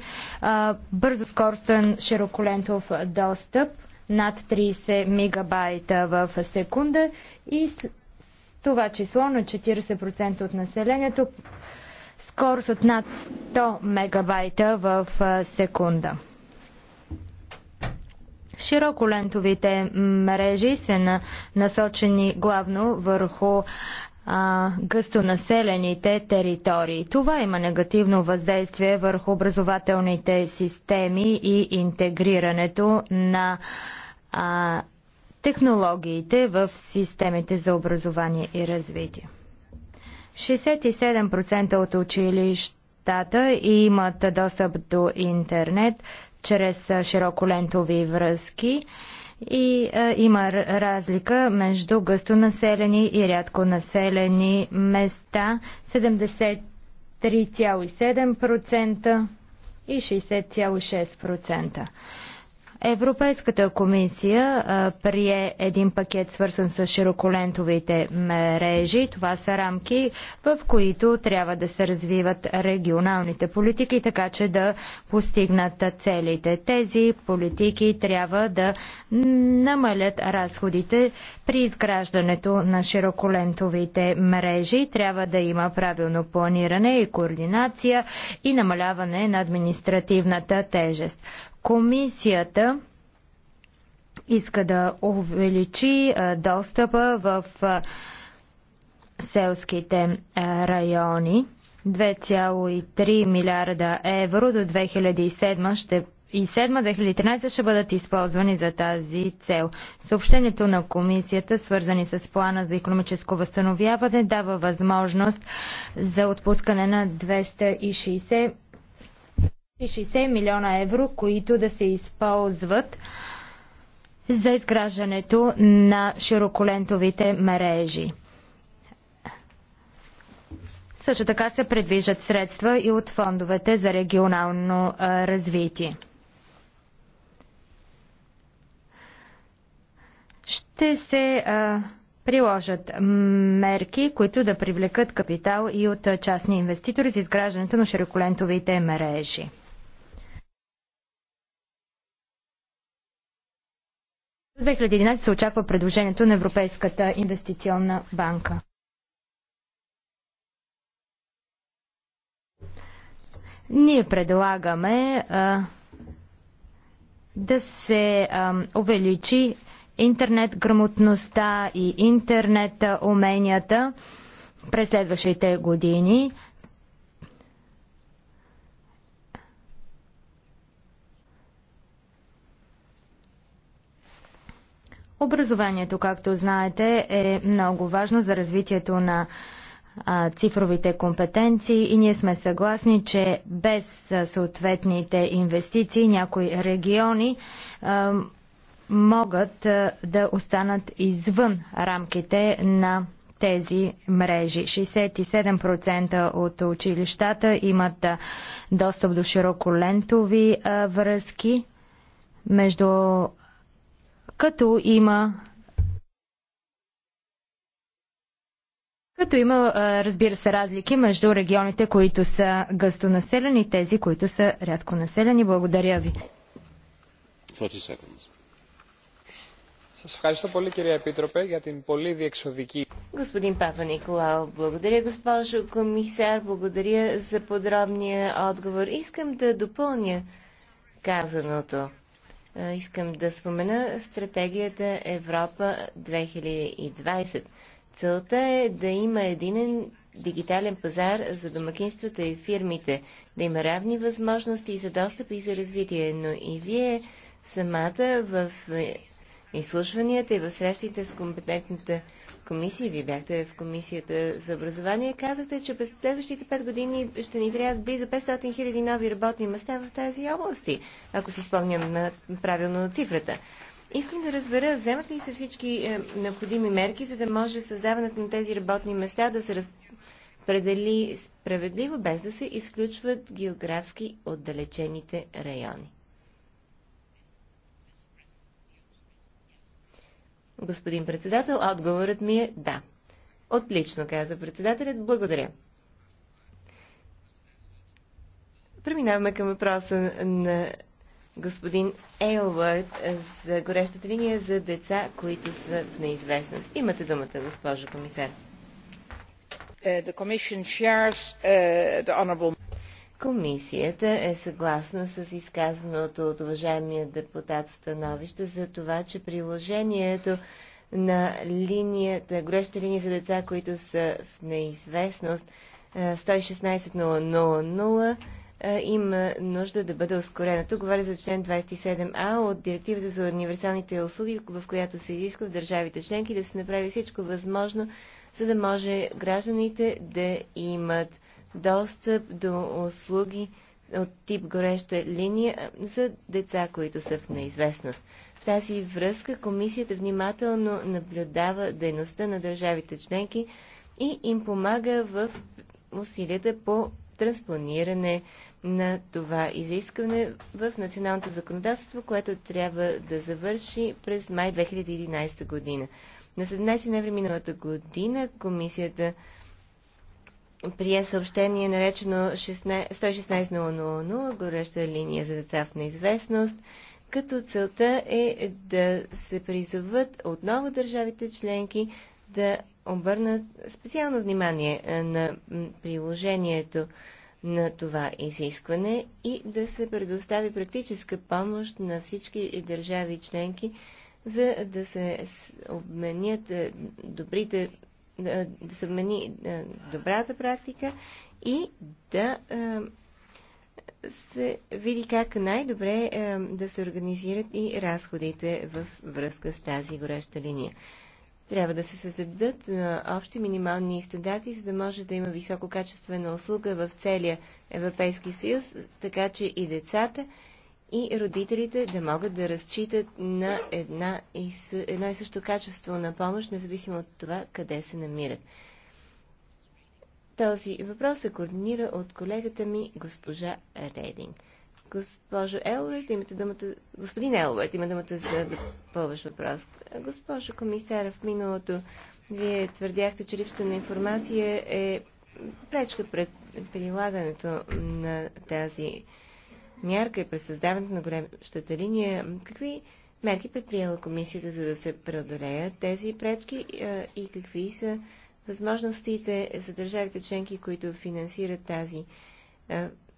бързо скоростен широколентов достъп над 30 мегабайта в секунда и това число на 40% от населението скорост от над 100 мегабайта в секунда. Широколентовите мрежи са насочени главно върху а, гъстонаселените територии. Това има негативно въздействие върху образователните системи и интегрирането на а, технологиите в системите за образование и развитие. 67% от училищата имат достъп до интернет, чрез широколентови връзки и е, има разлика между гъсто населени и рядко населени места 73,7% и 60,6%. Европейската комисия а, прие един пакет свързан с широколентовите мрежи. Това са рамки, в които трябва да се развиват регионалните политики, така че да постигнат целите. Тези политики трябва да намалят разходите при изграждането на широколентовите мрежи. Трябва да има правилно планиране и координация и намаляване на административната тежест. Комисията иска да увеличи достъпа в селските райони. 2,3 милиарда евро до 2007 ще и 2013 ще бъдат използвани за тази цел. Съобщението на комисията, свързани с плана за економическо възстановяване, дава възможност за отпускане на 260 60 милиона евро, които да се използват за изграждането на широколентовите мрежи. Също така се предвижат средства и от фондовете за регионално развитие. Ще се а, приложат мерки, които да привлекат капитал и от частни инвеститори за изграждането на широколентовите мрежи. 2011 се очаква предложението на Европейската инвестиционна банка. Ние предлагаме а, да се а, увеличи интернет грамотността и интернет уменията през следващите години. Образованието, както знаете, е много важно за развитието на цифровите компетенции и ние сме съгласни, че без съответните инвестиции някои региони могат да останат извън рамките на тези мрежи. 67% от училищата имат достъп до широколентови връзки между като има като има, разбира се, разлики между регионите, които са гъстонаселени и тези, които са рядко населени. Благодаря ви. ευχαριστώ πολύ κυρία Επίτροπε για την πολύ διεξοδική. Господин Папа Николао, благодаря госпожо комисар, благодаря за подробния отговор. Искам да допълня казаното искам да спомена стратегията Европа 2020. Целта е да има единен дигитален пазар за домакинствата и фирмите, да има равни възможности за достъп и за развитие, но и вие самата в е, изслушванията и в срещите с компетентната комисии, вие бяхте в комисията за образование, казахте, че през следващите 5 години ще ни трябват близо 500 хиляди нови работни места в тази области, ако си спомням на правилно цифрата. Искам да разбера, вземат ли се всички е, необходими мерки, за да може създаването на тези работни места да се разпредели справедливо, без да се изключват географски отдалечените райони? Господин председател, отговорът ми е да. Отлично, каза председателят. Благодаря. Преминаваме към въпроса на господин Ейлвард за горещата линия за деца, които са в неизвестност. Имате думата, госпожо комисар. Uh, the Commission shares uh, the honorable Комисията е съгласна с изказаното от уважаемия депутат становище за това, че приложението на линията, гореща линия за деца, които са в неизвестност, 116.000, е, е, има нужда да бъде ускорена. Тук говоря за член 27а от Директивата за универсалните услуги, в която се изисква в държавите членки да се направи всичко възможно, за да може гражданите да имат достъп до услуги от тип гореща линия за деца, които са в неизвестност. В тази връзка комисията внимателно наблюдава дейността на държавите членки и им помага в усилията по транспониране на това изискване в националното законодателство, което трябва да завърши през май 2011 година. На 17 ноември миналата година комисията прие съобщение, наречено 116.000, гореща линия за деца в неизвестност, като целта е да се призоват отново държавите членки да обърнат специално внимание е, на приложението на това изискване и да се предостави практическа помощ на всички държави членки, за да се обменят е, добрите е, да се обмени е, добрата практика и да е, се види как най-добре да се организират и разходите в връзка с тази гореща линия. Трябва да се създадат общи минимални стандарти, за да може да има високо качествена услуга в целия Европейски съюз, така че и децата, и родителите да могат да разчитат на една и съ... едно и също качество на помощ, независимо от това къде се намират. Този въпрос се координира от колегата ми, госпожа Рединг. Госпожо Елвард, имате думата... Господин Елвард, има думата за допълваш въпрос. Госпожо комисара, в миналото вие твърдяхте, че липсата на информация е пречка пред прилагането на тази мярка и през създаването на горещата линия, какви мерки предприела комисията, за да се преодолеят тези пречки и какви са възможностите за държавите членки, които финансират тази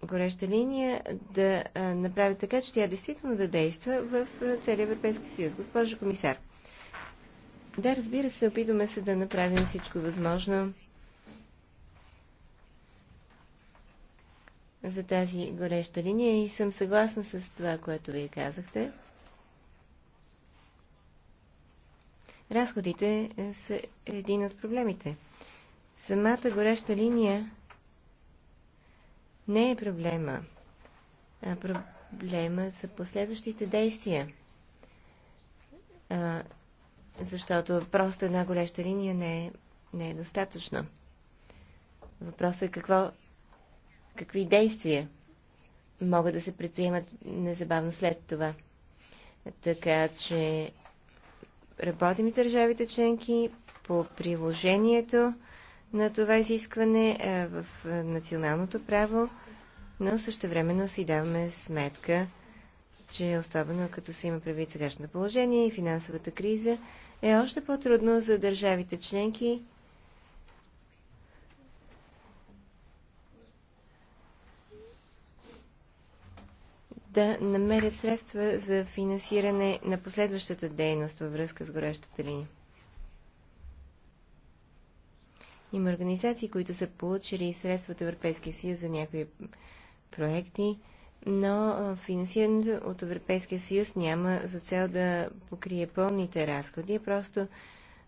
гореща линия, да направят така, че тя действително да действа в целия Европейски съюз. Госпожо комисар, да, разбира се, опитваме се да направим всичко възможно за тази гореща линия и съм съгласна с това, което вие казахте. Разходите са един от проблемите. Самата гореща линия не е проблема, а проблема са последващите действия. А, защото просто една гореща линия не е, не е достатъчно. Въпросът е какво Какви действия могат да се предприемат незабавно след това? Така че работим и държавите членки по приложението на това изискване е, в е, националното право, но също времено си даваме сметка, че особено като се има предвид сегашното положение и финансовата криза, е още по-трудно за държавите членки да намерят средства за финансиране на последващата дейност във връзка с горещата линия. Има организации, които са получили средства от Европейския съюз за някои проекти, но финансирането от Европейския съюз няма за цел да покрие пълните разходи, просто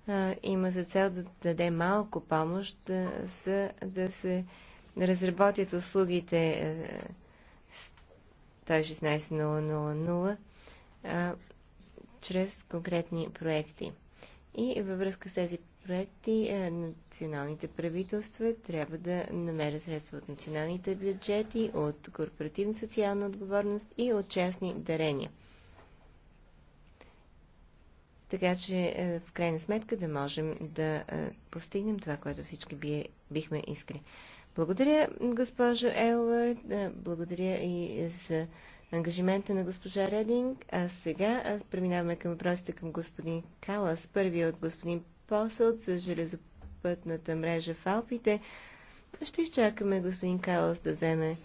а, има за цел да даде малко помощ, да, за да се разработят услугите. А, 116 16.000 чрез конкретни проекти. И във връзка с тези проекти националните правителства трябва да намерят средства от националните бюджети, от корпоративна социална отговорност и от частни дарения. Така че в крайна сметка да можем да постигнем това, което всички бихме искали. Благодаря, госпожо Елвард. Е, благодаря и за ангажимента на госпожа Рединг. А сега преминаваме към въпросите към господин Калас. Първият от господин Посълт за железопътната мрежа в Алпите. Ще изчакаме господин Калас да вземе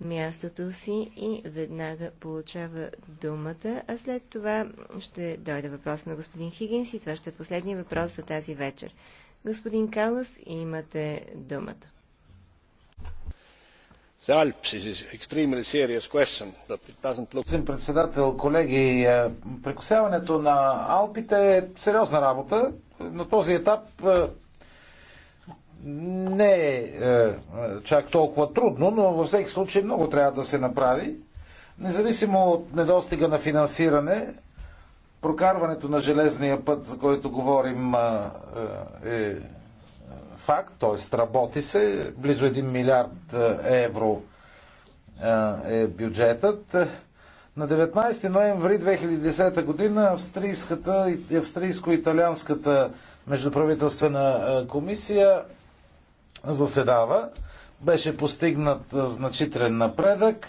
мястото си и веднага получава думата, а след това ще дойде въпрос на господин Хигинс и това ще е последния въпрос за тази вечер. Господин Калас, имате думата. Господин председател, колеги, е, прекосяването на Алпите е сериозна работа. На този етап е, не е, е чак толкова трудно, но във всеки случай много трябва да се направи. Независимо от недостига на финансиране, прокарването на железния път, за който говорим, е факт, т.е. работи се, близо 1 милиард е, евро е, е бюджетът. На 19 ноември 2010 година австрийската, австрийско-италианската междуправителствена е, комисия заседава. Беше постигнат значителен напредък.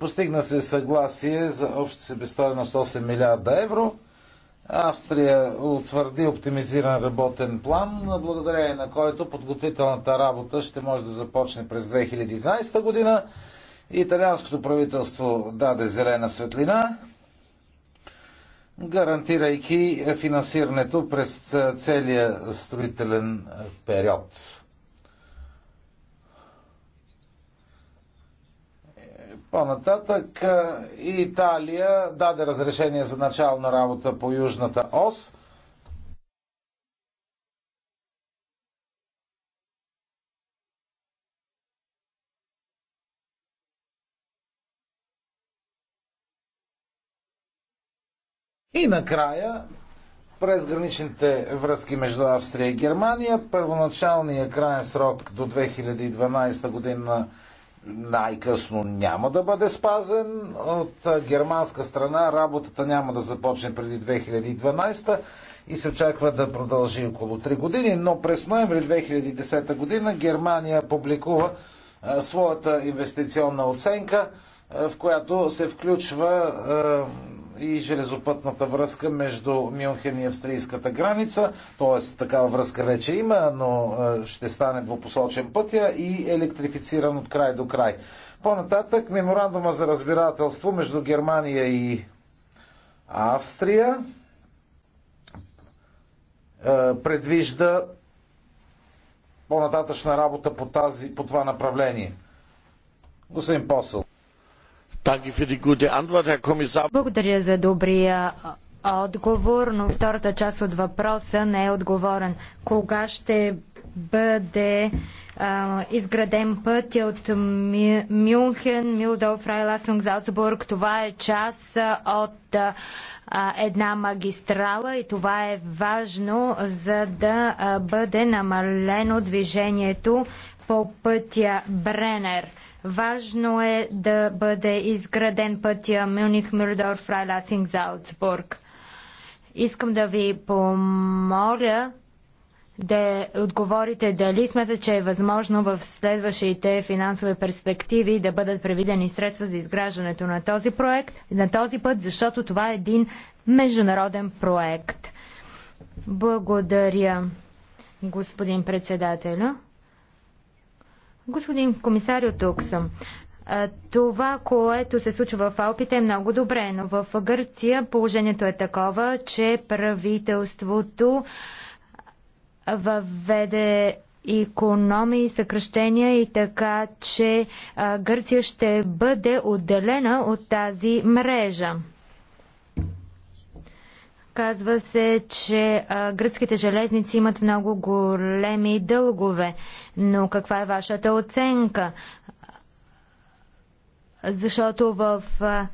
Постигна се съгласие за обща себестоеност 8 милиарда евро Австрия утвърди оптимизиран работен план, благодарение на който подготвителната работа ще може да започне през 2011 година. Италианското правителство даде зелена светлина, гарантирайки финансирането през целия строителен период. По-нататък е, Италия даде разрешение за начална работа по Южната ОС. И накрая, през граничните връзки между Австрия и Германия, първоначалният крайен срок до 2012 година най-късно няма да бъде спазен. От германска страна работата няма да започне преди 2012 и се очаква да продължи около 3 години, но през ноември 2010 година Германия публикува своята инвестиционна оценка, в която се включва и железопътната връзка между Мюнхен и австрийската граница. Т.е. такава връзка вече има, но ще стане двупосочен пътя и електрифициран от край до край. По-нататък меморандума за разбирателство между Германия и Австрия предвижда по-нататъчна работа по, тази, по това направление. Господин Посъл. Благодаря за добрия отговор, но втората част от въпроса не е отговорен. Кога ще бъде а, изграден пътя от Мюнхен, Милдол, Фрайласунг, Залцбург? Това е част от а, една магистрала и това е важно, за да а, бъде намалено движението по пътя Бренер. Важно е да бъде изграден пътя Мюних, Мюрдор, Фрайласинг, Залцбург. Искам да ви помоля да отговорите дали смятате, че е възможно в следващите финансови перспективи да бъдат превидени средства за изграждането на този проект, на този път, защото това е един международен проект. Благодаря, господин председателя. Господин комисарио, тук съм. Това, което се случва в Алпите е много добре, но в Гърция положението е такова, че правителството въведе економии, съкръщения и така, че Гърция ще бъде отделена от тази мрежа. Казва се, че а, гръцките железници имат много големи дългове, но каква е вашата оценка? Защото в а,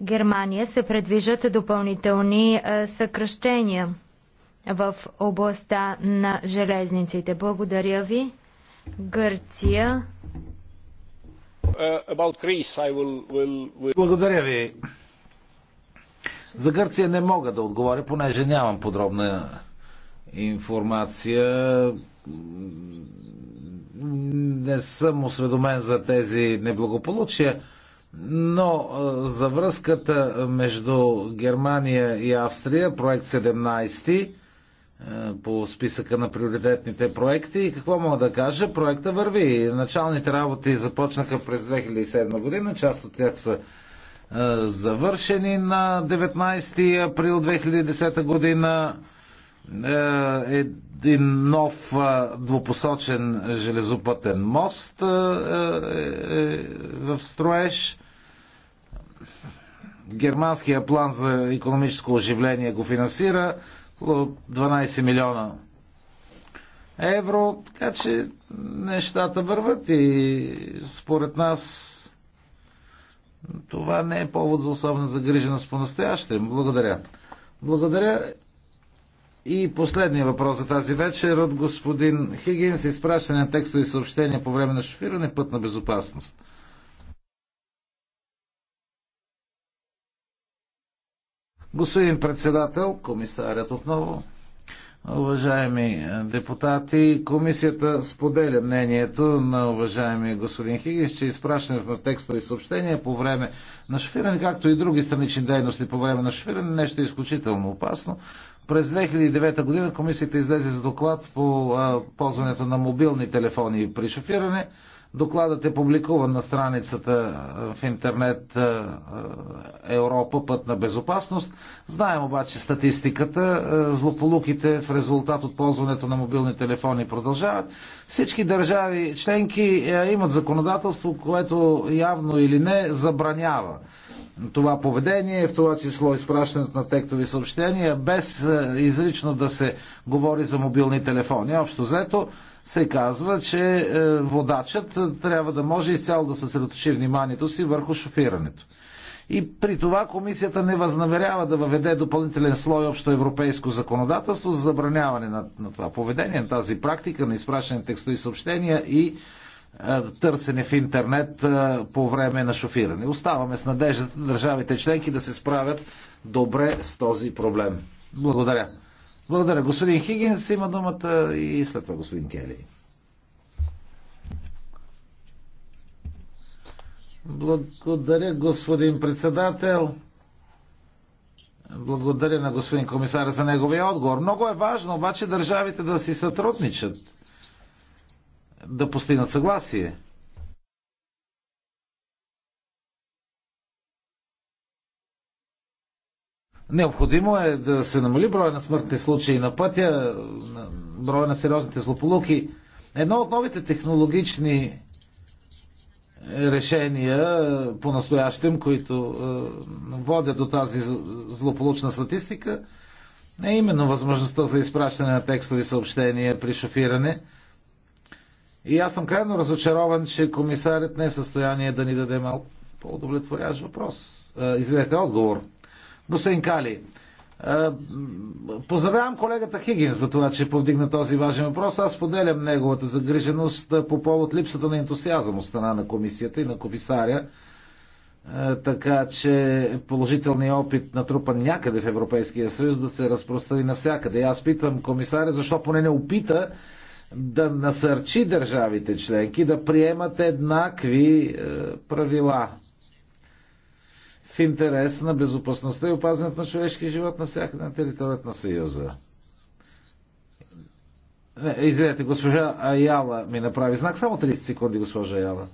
Германия се предвижат допълнителни а, съкръщения в областта на железниците. Благодаря ви. Гърция. Uh, will, will, will... Благодаря ви. За Гърция не мога да отговоря, понеже нямам подробна информация. Не съм осведомен за тези неблагополучия, но за връзката между Германия и Австрия, проект 17 по списъка на приоритетните проекти. И какво мога да кажа? Проекта върви. Началните работи започнаха през 2007 година. Част от тях са е, завършени на 19 април 2010 година. Е, един нов е, двупосочен железопътен мост в строеж. Германския план за економическо оживление го финансира 12 милиона евро, така че нещата върват и според нас това не е повод за особена загриженост по-настоящем. Благодаря. Благодаря. И последния въпрос за тази вечер от господин Хигинс. Изпращане на текстови съобщения по време на шофиране път на безопасност. Господин председател, комисарят отново. Уважаеми е, депутати, комисията споделя мнението на уважаеми господин Хигис, че изпращането на текстови съобщения по време на шофиране, както и други странични дейности по време на шофиране, нещо е изключително опасно. През 2009 година комисията излезе с доклад по е, ползването на мобилни телефони при шофиране. Докладът е публикуван на страницата в интернет Европа път на безопасност. Знаем обаче статистиката. Злополуките в резултат от ползването на мобилни телефони продължават. Всички държави членки имат законодателство, което явно или не забранява това поведение, в това число изпращането на тектови съобщения, без е, изрично да се говори за мобилни телефони. Общо взето се казва, че е, водачът е, трябва да може изцяло да съсредоточи вниманието си върху шофирането. И при това комисията не възнамерява да въведе допълнителен слой общо европейско законодателство за забраняване на, на това поведение, на тази практика на изпращане текстови съобщения и е, търсене в интернет е, по време на шофиране. Оставаме с надеждата държавите членки да се справят добре с този проблем. Благодаря. Благодаря. Господин Хигинс има думата и след това господин Кели. Благодаря, господин председател. Благодаря на господин комисар за неговия отговор. Много е важно обаче държавите да си сътрудничат да постигнат съгласие. Необходимо е да се намали броя на смъртните случаи на пътя, броя на сериозните злополуки. Едно от новите технологични решения по-настоящем, които е, водят до тази злополучна статистика, е именно възможността за изпращане на текстови съобщения при шофиране – и аз съм крайно разочарован, че комисарят не е в състояние да ни даде малко по-удовлетворящ въпрос. Извинете, отговор. Господин Кали, Поздравявам колегата Хигин за това, че повдигна този важен въпрос. Аз поделям неговата загриженост по повод липсата на ентусиазъм от страна на комисията и на комисаря. Така че положителният опит натрупан някъде в Европейския съюз да се разпространи навсякъде. И аз питам комисаря защо поне не опита да насърчи държавите членки да приемат еднакви е, правила в интерес на безопасността и опазването на човешки живот на всяка на територията на Съюза. Е, извинете, госпожа Аяла ми направи знак. Само 30 секунди, госпожа Аяла.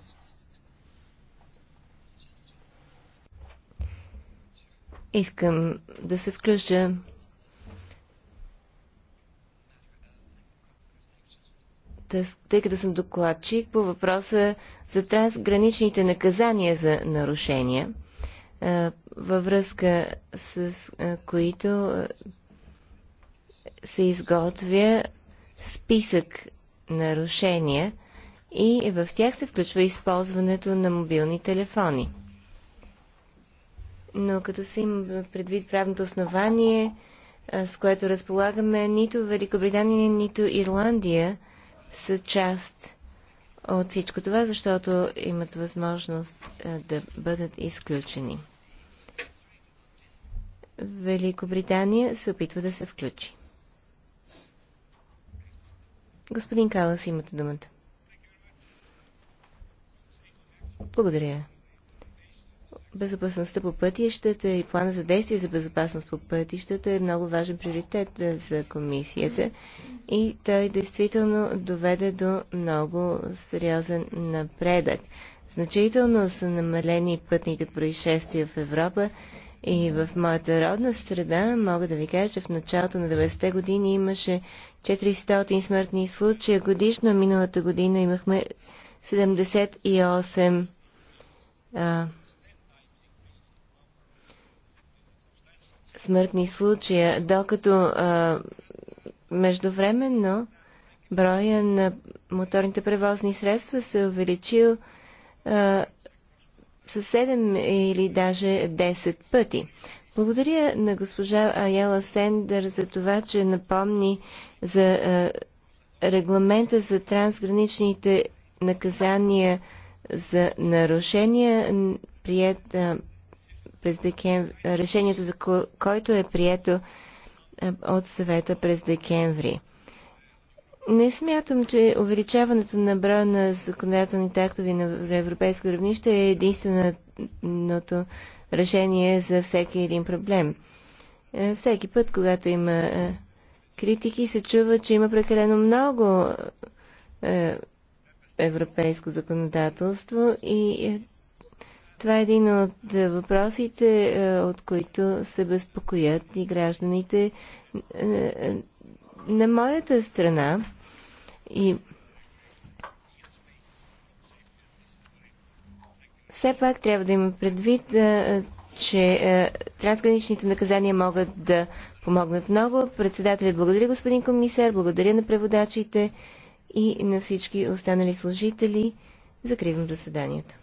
Искам да се включа тъй като съм докладчик по въпроса за трансграничните наказания за нарушения, във връзка с които се изготвя списък нарушения и в тях се включва използването на мобилни телефони. Но като се има предвид правното основание, с което разполагаме, нито Великобритания, нито Ирландия са част от всичко това, защото имат възможност е, да бъдат изключени. Великобритания се опитва да се включи. Господин Калас, имате думата. Благодаря безопасността по пътищата и плана за действие за безопасност по пътищата е много важен приоритет е, за комисията и той действително доведе до много сериозен напредък. Значително са намалени пътните происшествия в Европа и в моята родна среда мога да ви кажа, че в началото на 90-те години имаше 400 смъртни случая годишно, миналата година имахме 78 а, смъртни случая, докато а, междувременно броя на моторните превозни средства се е увеличил а, с 7 или даже 10 пъти. Благодаря на госпожа Аяла Сендър за това, че напомни за а, регламента за трансграничните наказания за нарушения, прият а, през декември, решението за ко... който е прието от съвета през декември. Не смятам, че увеличаването на броя на законодателните актови на европейско равнище е единственото решение за всеки един проблем. Е, всеки път, когато има е, критики, се чува, че има прекалено много е, европейско законодателство и това е един от е, въпросите, е, от които се безпокоят и гражданите е, на моята страна. И все пак трябва да има предвид, че трансграничните наказания могат да помогнат много. Председателят благодаря, господин комисар, благодаря на преводачите и на всички останали служители. Закривам заседанието.